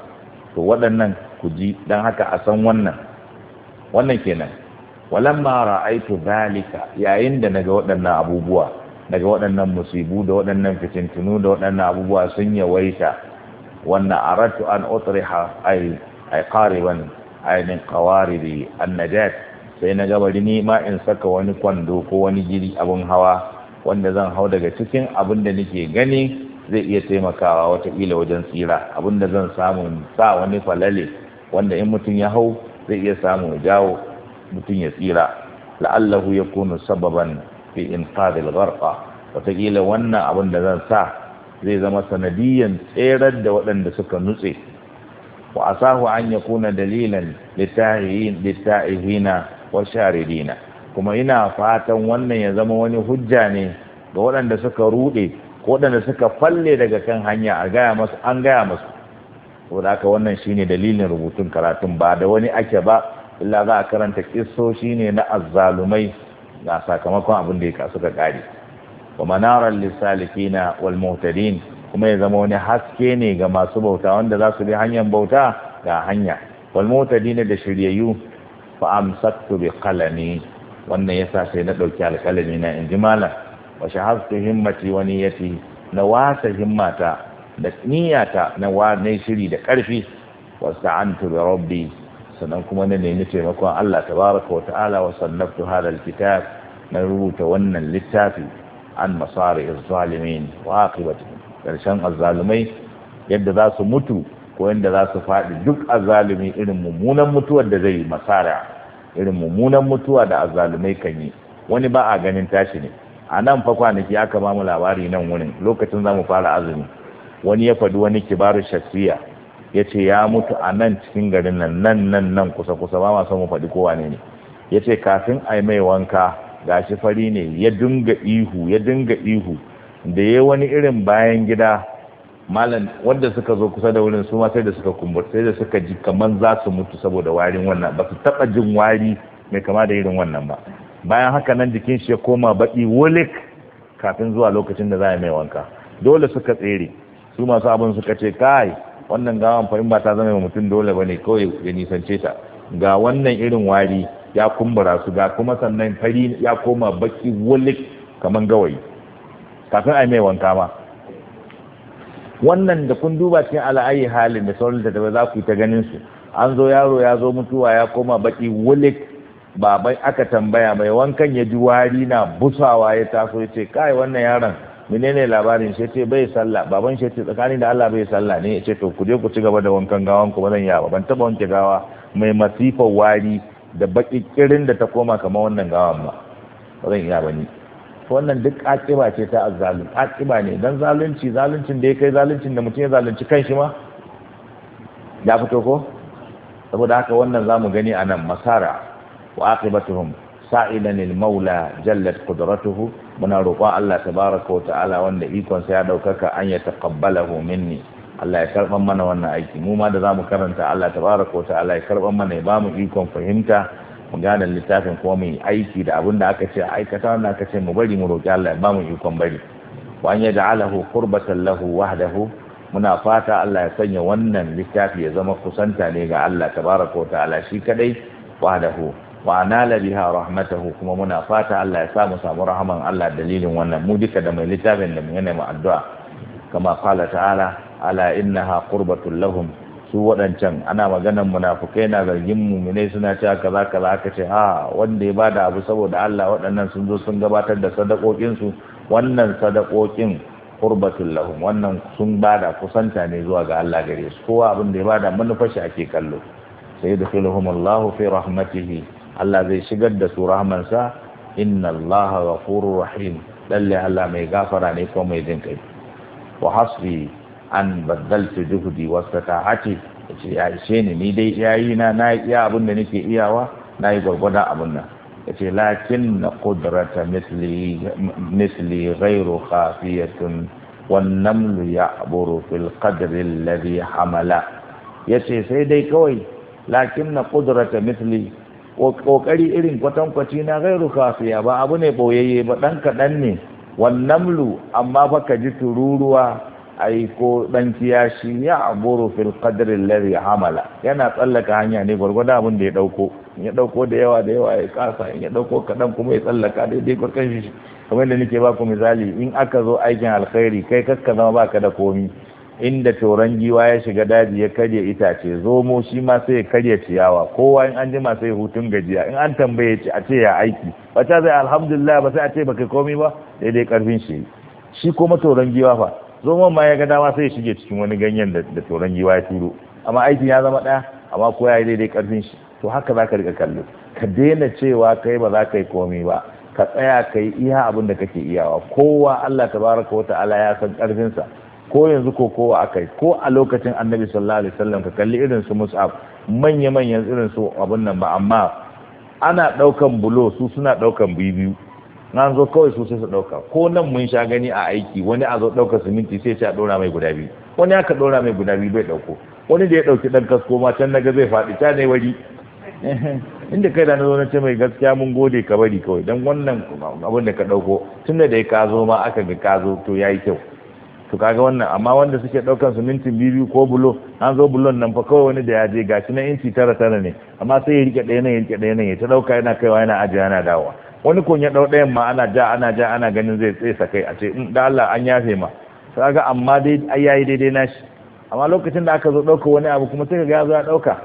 to waɗannan ku ji dan haka a san wannan wannan kenan walamma ra'aitu zalika yayin da naga waɗannan abubuwa daga waɗannan musibu da waɗannan fitintunu da waɗannan abubuwa sun yawaita wannan aratu an utriha ay ay qariban ay min qawaridi an najat sai na gabari ni ma in saka wani kwando ko wani giri abin hawa wanda zan hau daga cikin abin da nake gani zai iya taimakawa wataƙila wajen tsira abin da zan samu sa wani falale wanda in mutum ya hau zai iya samu jawo mutum ya tsira la'allahu ya kunu sababan fi inqadil wataƙila wannan abin da zan sa zai zama sanadiyan tserar da waɗanda suka nutse wa asahu an kuna dalilan litahihina washaridina kuma ina fatan wannan ya zama wani hujja ne ga waɗanda suka ruɗe ko waɗanda suka falle daga kan hanya a gaya masu an gaya masu saboda aka wannan shine dalilin rubutun karatun ba da wani ake ba illa za a karanta kisoshi ne na azzalumai ga sakamakon abin da ya suka kare wa manaran lisalikina wal muhtadin kuma ya zama wani haske ne ga masu bauta wanda za su bi hanyar bauta ga hanya wal muhtadin da shiryayyu fa amsaktu bi qalami wannan yasa sai na ɗauki alkalami na inji malam wa shahadtu himmati wa niyyati na wasa himmata da niyyata na wa shiri da ƙarfi? wa sta'antu bi rabbi sannan kuma na nemi taimakon Allah tabaraka wa ta'ala wa sannabtu hadha alkitab na rubuta wannan littafi an masari zalimin wa aqibatihim karshen azzalumai yadda za su mutu ko yadda za su faɗi duk azzalumi irin mummunan mutuwar da zai masara irin mummunan mutuwa da azzalumai kan yi wani ba a ganin tashi ne a nan fa kwanaki aka ba mu labari nan wurin lokacin za mu fara azumi wani ya faɗi wani kibaru shafiya. ya ce ya mutu a nan cikin garin nan nan nan nan kusa kusa ba ma mu faɗi kowa ne ya ce kafin a yi mai wanka ga shi fari ne ya dinga ihu ya dinga ihu da ya wani irin bayan gida malam wanda suka zo kusa da wurin su ma sai da suka kumbur sai da suka ji kaman za su mutu saboda warin wannan ba su taba jin wari mai kama da irin wannan ba bayan haka nan jikin shi ya koma baki wulik kafin zuwa lokacin da za a mai wanka dole suka tsere su masu abin suka ce kai wannan gawan fa in ba ta zama mutum dole bane kawai ya nisance ta ga wannan irin wari ya kumbura su ga kuma sannan fari ya koma baki wulik kaman gawayi kafin a mai wanka ma wannan da kun duba cikin ala'ayi halin da sauran da za ku yi ta ganin su an zo yaro ya zo mutuwa ya koma baki wulik babai aka tambaya mai wankan ya ji wari na busawa ya taso ya ce kai wannan yaron menene labarin shi ce bai sallah baban shi ce tsakanin da Allah bai sallah ne ya ce to ku je ku ci gaba da wankan gawan ku ba zan baban taba wanke gawa mai masifar wari da baki kirin da ta koma kamar wannan gawan ba ba zan iya ba wannan duk aƙiba ce ta azzalum aƙiba ne dan zalunci zaluncin da ya kai zaluncin da mutum ya zalunci shi ma ya fito ko saboda haka wannan zamu gani anan masara wa aqibatuhum sa'ilan al-maula jallat qudratuhu muna roƙo Allah tabaaraka wa ta'ala wanda ikon sa ya daukaka an ya taqabbalahu minni Allah ya karban mana wannan aiki mu ma da zamu karanta Allah tabaaraka wa ta'ala ya karban mana ya bamu ikon fahimta mu gane littafin kuma mu yi aiki da abin da aka ce aikata wanda aka ce mu bari mu roƙi Allah ba mu ikon bari wa ya yaj'alahu qurbatan lahu wahdahu muna fata Allah ya sanya wannan littafi ya zama kusanta ne ga Allah tabaraka wa ta'ala shi kadai wahdahu wa anala biha rahmatahu kuma muna fata Allah ya sa mu samu rahman Allah dalilin wannan mu duka da mai littafin da mu yana mu addu'a kama qala ta'ala ala innaha qurbatul lahum su waɗancan ana maganan munafukai na zargin muminai suna cewa kaza ka aka ce a wanda ya bada abu saboda Allah waɗannan sun zo sun gabatar da sadakokin su wannan sadakokin qurbatul lahum wannan sun bada kusanta ne zuwa ga Allah gare su kowa abin da ya bada manufashi ake kallo sai yadkhuluhum Allahu fi rahmatihi Allah zai shigar da su rahmansa inna Allaha ghafurur rahim lalle Allah mai gafara ne ko mai jin kai wa hasbi an wasu ta haci. sata'ati ce ya ishe ni ni dai yayi na na iya abin da nake iyawa na yi gwargwadon abin nan ya ce lakin na kudurata misli ghairu khafiyatun wannan ya aburu fil qadri alladhi hamala ya ce sai dai kawai lakin na kudurata misli kokari irin kwatankwaci na gairu kafiya ba abu ne boyayye ba dan kaɗan ne wannan lu amma baka ji tururuwa aiko ko dan kiyashi ya aburu fil qadri alladhi hamala yana tsallaka hanya ne gurgurda abin da ya dauko ya dauko da yawa da yawa ya kasa ya dauko kadan kuma ya tsallaka daidai gurkan shi kamar da nake baku misali in aka zo aikin alkhairi kai kaska zama baka da komi inda toron giwa ya shiga daji ya karya itace zomo shi ma sai ya karya ciyawa kowa in an ji ma sai hutun gajiya in an tambaye a ce ya aiki wata zai alhamdulillah ba sai a ce baka komi ba daidai karfin shi shi kuma toron giwa fa zomon ma ya ga dama sai ya shige cikin wani ganyen da tsoron giwa ya turo amma aiki ya zama ɗaya amma ko ya yi daidai ƙarfin shi to haka za ka riƙa kallo ka daina cewa kai ba za ka yi komai ba ka tsaya ka yi iya abin da kake iyawa kowa Allah baraka wa ta'ala ya san ƙarfinsa ko yanzu ko kowa aka yi ko a lokacin annabi sallallahu alaihi wasallam ka kalli irin su mus'ab manya manyan irin su abin nan ba amma ana ɗaukan bulo su suna ɗaukan biyu na zo kawai su sai su ɗauka ko nan mun sha gani a aiki wani a zo ɗauka siminti sai sai a ɗora mai guda biyu wani aka ɗora mai guda biyu bai ɗauko wani da ya ɗauki ɗan kasko ma can naga zai faɗi ta ne wari inda kai da na zo na ce mai gaskiya mun gode ka bari kawai don wannan abin da ka ɗauko tun da dai ka zo ma aka ga ka zo to ya yi kyau to kaga wannan amma wanda suke ɗaukan simintin biyu ko bulo an zo bulon nan fa kawai wani da ya je gashi na inci tara tara ne amma sai ya rike ɗaya nan ya rike ɗaya nan ya ta ɗauka yana kaiwa yana ajiye yana dawowa wani kun ya ɗau ɗayan ma ana ja ana ja ana ganin zai tsaye kai a ce in mm, da Allah an yafe ma sai ga amma dai ai yayi daidai nashi amma lokacin da aka zo ɗauka wani abu kuma sai ga ya zo ya ɗauka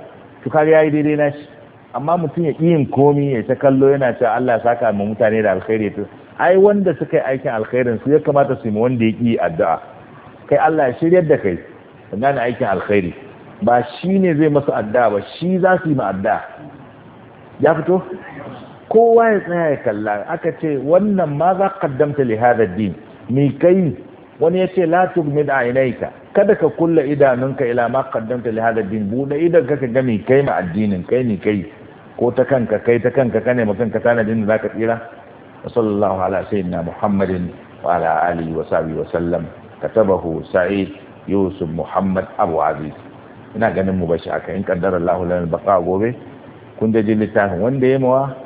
to kaga yayi daidai nashi amma mutum ya yin komi ya ta kallo yana cewa Allah ya saka mu mutane da alkhairi to ai wanda suka yi aikin alkhairin su ya kamata su yi wanda ya yi addu'a kai Allah ya shiryar da kai sannan aikin alkhairi ba shi ne zai masa addu'a ba shi za su yi ma addu'a ya fito kowa ya tsaya ya kalla aka ce wannan ma za kaddamta li hada din mi kai wani ya ce la tugmid ainaika kada ka kulla idanunka ila ma kaddamta li hada din bude idan ka ga mi kai ma addinin kai ni kai ko ta kanka kai ta kanka kane mutum ka tanadin da zaka tsira sallallahu ala sayyidina muhammadin wa ala alihi wa sahbihi wa sallam katabahu sa'id yusuf muhammad abu aziz ina ganin mu bashi aka in kaddara Allahu lana baqa gobe kun da littafin wanda ya mawa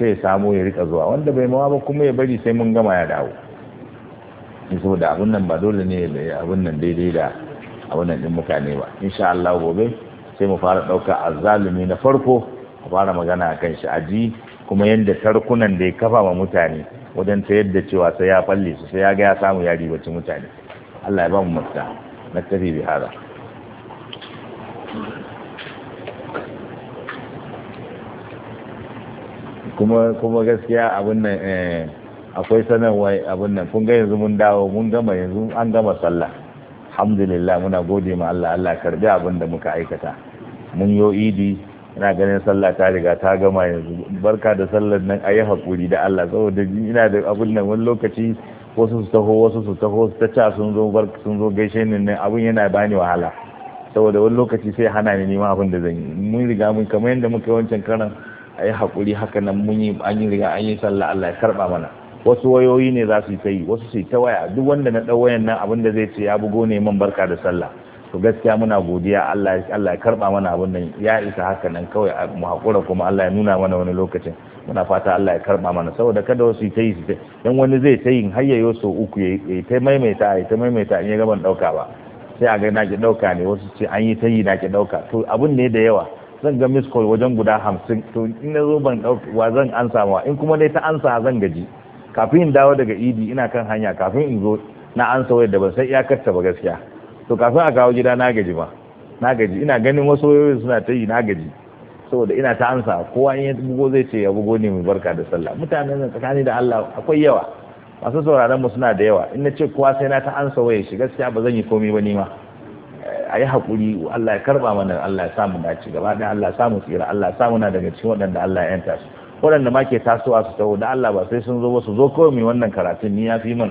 sai ya samu ya rika zuwa wanda bai mawa ba kuma ya bari sai mun gama ya dawo saboda abun nan ba dole ne da abun nan daidai da abun nan din mutane ba insha Allah gobe sai mu fara dauka azzalumi na farko a fara magana akan shi aji kuma yadda tarkunan da ya kafa ma mutane wajen ta yadda cewa sai ya falle su sai ya ga ya samu ya ribaci mutane Allah ya ba mu mafita na tafi bihara. kuma kuma gaskiya abin nan eh, akwai sanarwa abin nan kun ga yanzu mun dawo mun gama yanzu an gama sallah alhamdulillah muna gode ma Allah Allah karbi abin da muka aikata mun yo idi ina ganin sallah ta riga ta gama yanzu barka da sallar nan ayi hakuri da Allah saboda ina da abin nan wani lokaci wasu su taho wasu su taho su tace sun zo bar sun zo gaishe ni nan abin yana bani wahala saboda wani lokaci sai hana ni neman abin da zan yi mun riga mun kamar yadda muka yi wancan karan a yi haƙuri haka nan mun yi an yi riga an yi sallah Allah ya karɓa mana wasu wayoyi ne za su yi ta yi wasu su ta waya duk wanda na ɗau wayan nan abin da zai ce ya bugo ne man barka da sallah to gaskiya muna godiya Allah Allah ya karba mana abin nan ya isa haka nan kawai mu hakura kuma Allah ya nuna mana wani lokacin muna fata Allah ya karba mana saboda kada wasu ta yi su dan wani zai ta yin hayyayo so uku ya ta maimaita ya ta maimaita in ya gaban dauka ba sai a ga na ki dauka ne wasu ce an yi ta yi na ki dauka to abun ne da yawa zan ga miss call wajen guda hamsin to in na zo ban wa zan ansa ma in kuma dai ta ansa zan gaji kafin in dawo daga idi ina kan hanya kafin in zo na ansa wayar da ban san iyakarta ba gaskiya to kafin a kawo gida na gaji ba na gaji ina ganin wasu wayoyin suna ta yi na gaji saboda ina ta ansa kowa in ya bugo zai ce ya bugo ne mu barka da sallah mutanen nan tsakani da Allah akwai yawa masu sauraron mu suna da yawa in na ce kowa sai na ta ansa wayar shi gaskiya ba zan yi komai ba ni ma a yi haƙuri Allah ya karɓa mana Allah ya samu dace gaba ɗaya Allah ya samu tsira Allah ya samu na daga cikin waɗanda Allah ya yanta su waɗanda ma ke tasowa su taho da Allah ba sai sun zo ba su zo kawai mai wannan karatun ni ya fi min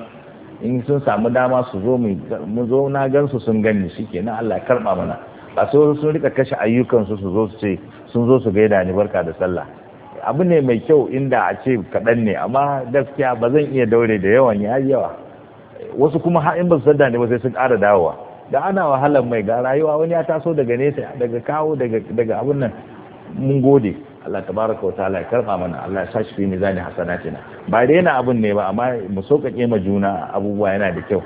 in sun samu dama su zo mu zo na gan su sun gani ke na Allah ya karɓa mana ba sai sun rika kashe ayyukansu su zo su ce sun zo su gaida ni barka da sallah abu ne mai kyau inda a ce kaɗan ne amma gaskiya ba zan iya daure da yawan ya yawa wasu kuma ha'in basu ba su sadda ne ba sai sun ƙara dawowa da ana wahalar mai ga rayuwa wani ya taso daga nesa daga kawo daga abun nan mun gode Allah baraka wa ta'ala ya karfa mana Allah ya sa shi fi mizani na. ba da yana abun ne ba amma mu sauƙaƙe ma juna abubuwa yana da kyau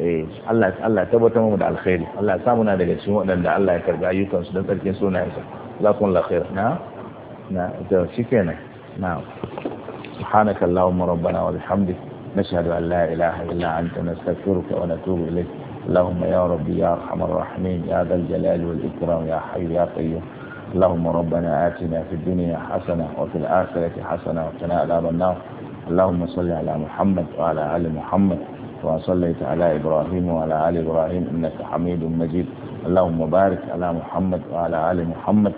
eh, Allah Allah tabbatar mu da alkhairi Allah ya sa muna daga cikin waɗanda Allah ya karga ayyukan su don tsarkin sunayensa lakum la khair na na to shikenan na subhanaka rabbana wa nashhadu an la ilaha illa anta nastaghfiruka wa natubu ilayk اللهم يا ربي يا أرحم الراحمين يا ذا الجلال والإكرام يا حي يا قيوم اللهم ربنا آتنا في الدنيا حسنة وفي الآخرة حسنة وقنا عذاب النار اللهم صل على محمد وعلى آل محمد وصليت على إبراهيم وعلى آل إبراهيم إنك حميد مجيد اللهم بارك على محمد وعلى آل محمد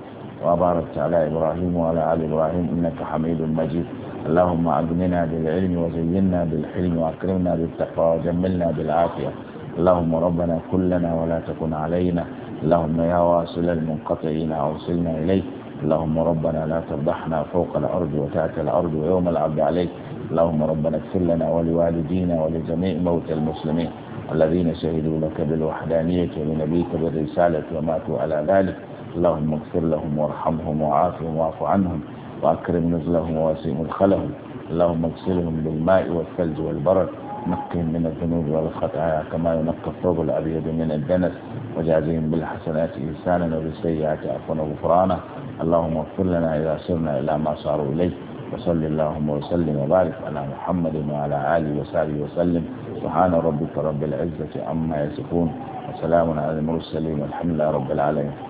وباركت على إبراهيم وعلى آل إبراهيم إنك حميد مجيد اللهم أغننا بالعلم وزينا بالحلم وأكرمنا بالتقوى وجملنا بالعافية اللهم ربنا كلنا ولا تكن علينا اللهم يا واصل المنقطعين أوصلنا إليك اللهم ربنا لا تفضحنا فوق الأرض وتأتى الأرض ويوم العبد عليك اللهم ربنا اغفر لنا ولوالدينا ولجميع موتى المسلمين الذين شهدوا لك بالوحدانية ولنبيك بالرسالة وماتوا على ذلك اللهم اغفر لهم وارحمهم وعافهم واعف عنهم وأكرم نزلهم ووسع مدخلهم اللهم اغسلهم بالماء والثلج والبرد نقهم من الذنوب والخطايا كما ينقى الثوب الأبيض من الدنس وجازهم بالحسنات إنسانا وبالسيئات عفوا وغفرانا اللهم اغفر لنا إذا سرنا إلى ما صاروا إليه وصل اللهم وسلم وبارك على محمد وعلى آله وصحبه وسلم سبحان ربك رب العزة عما يصفون وسلام على المرسلين والحمد لله رب العالمين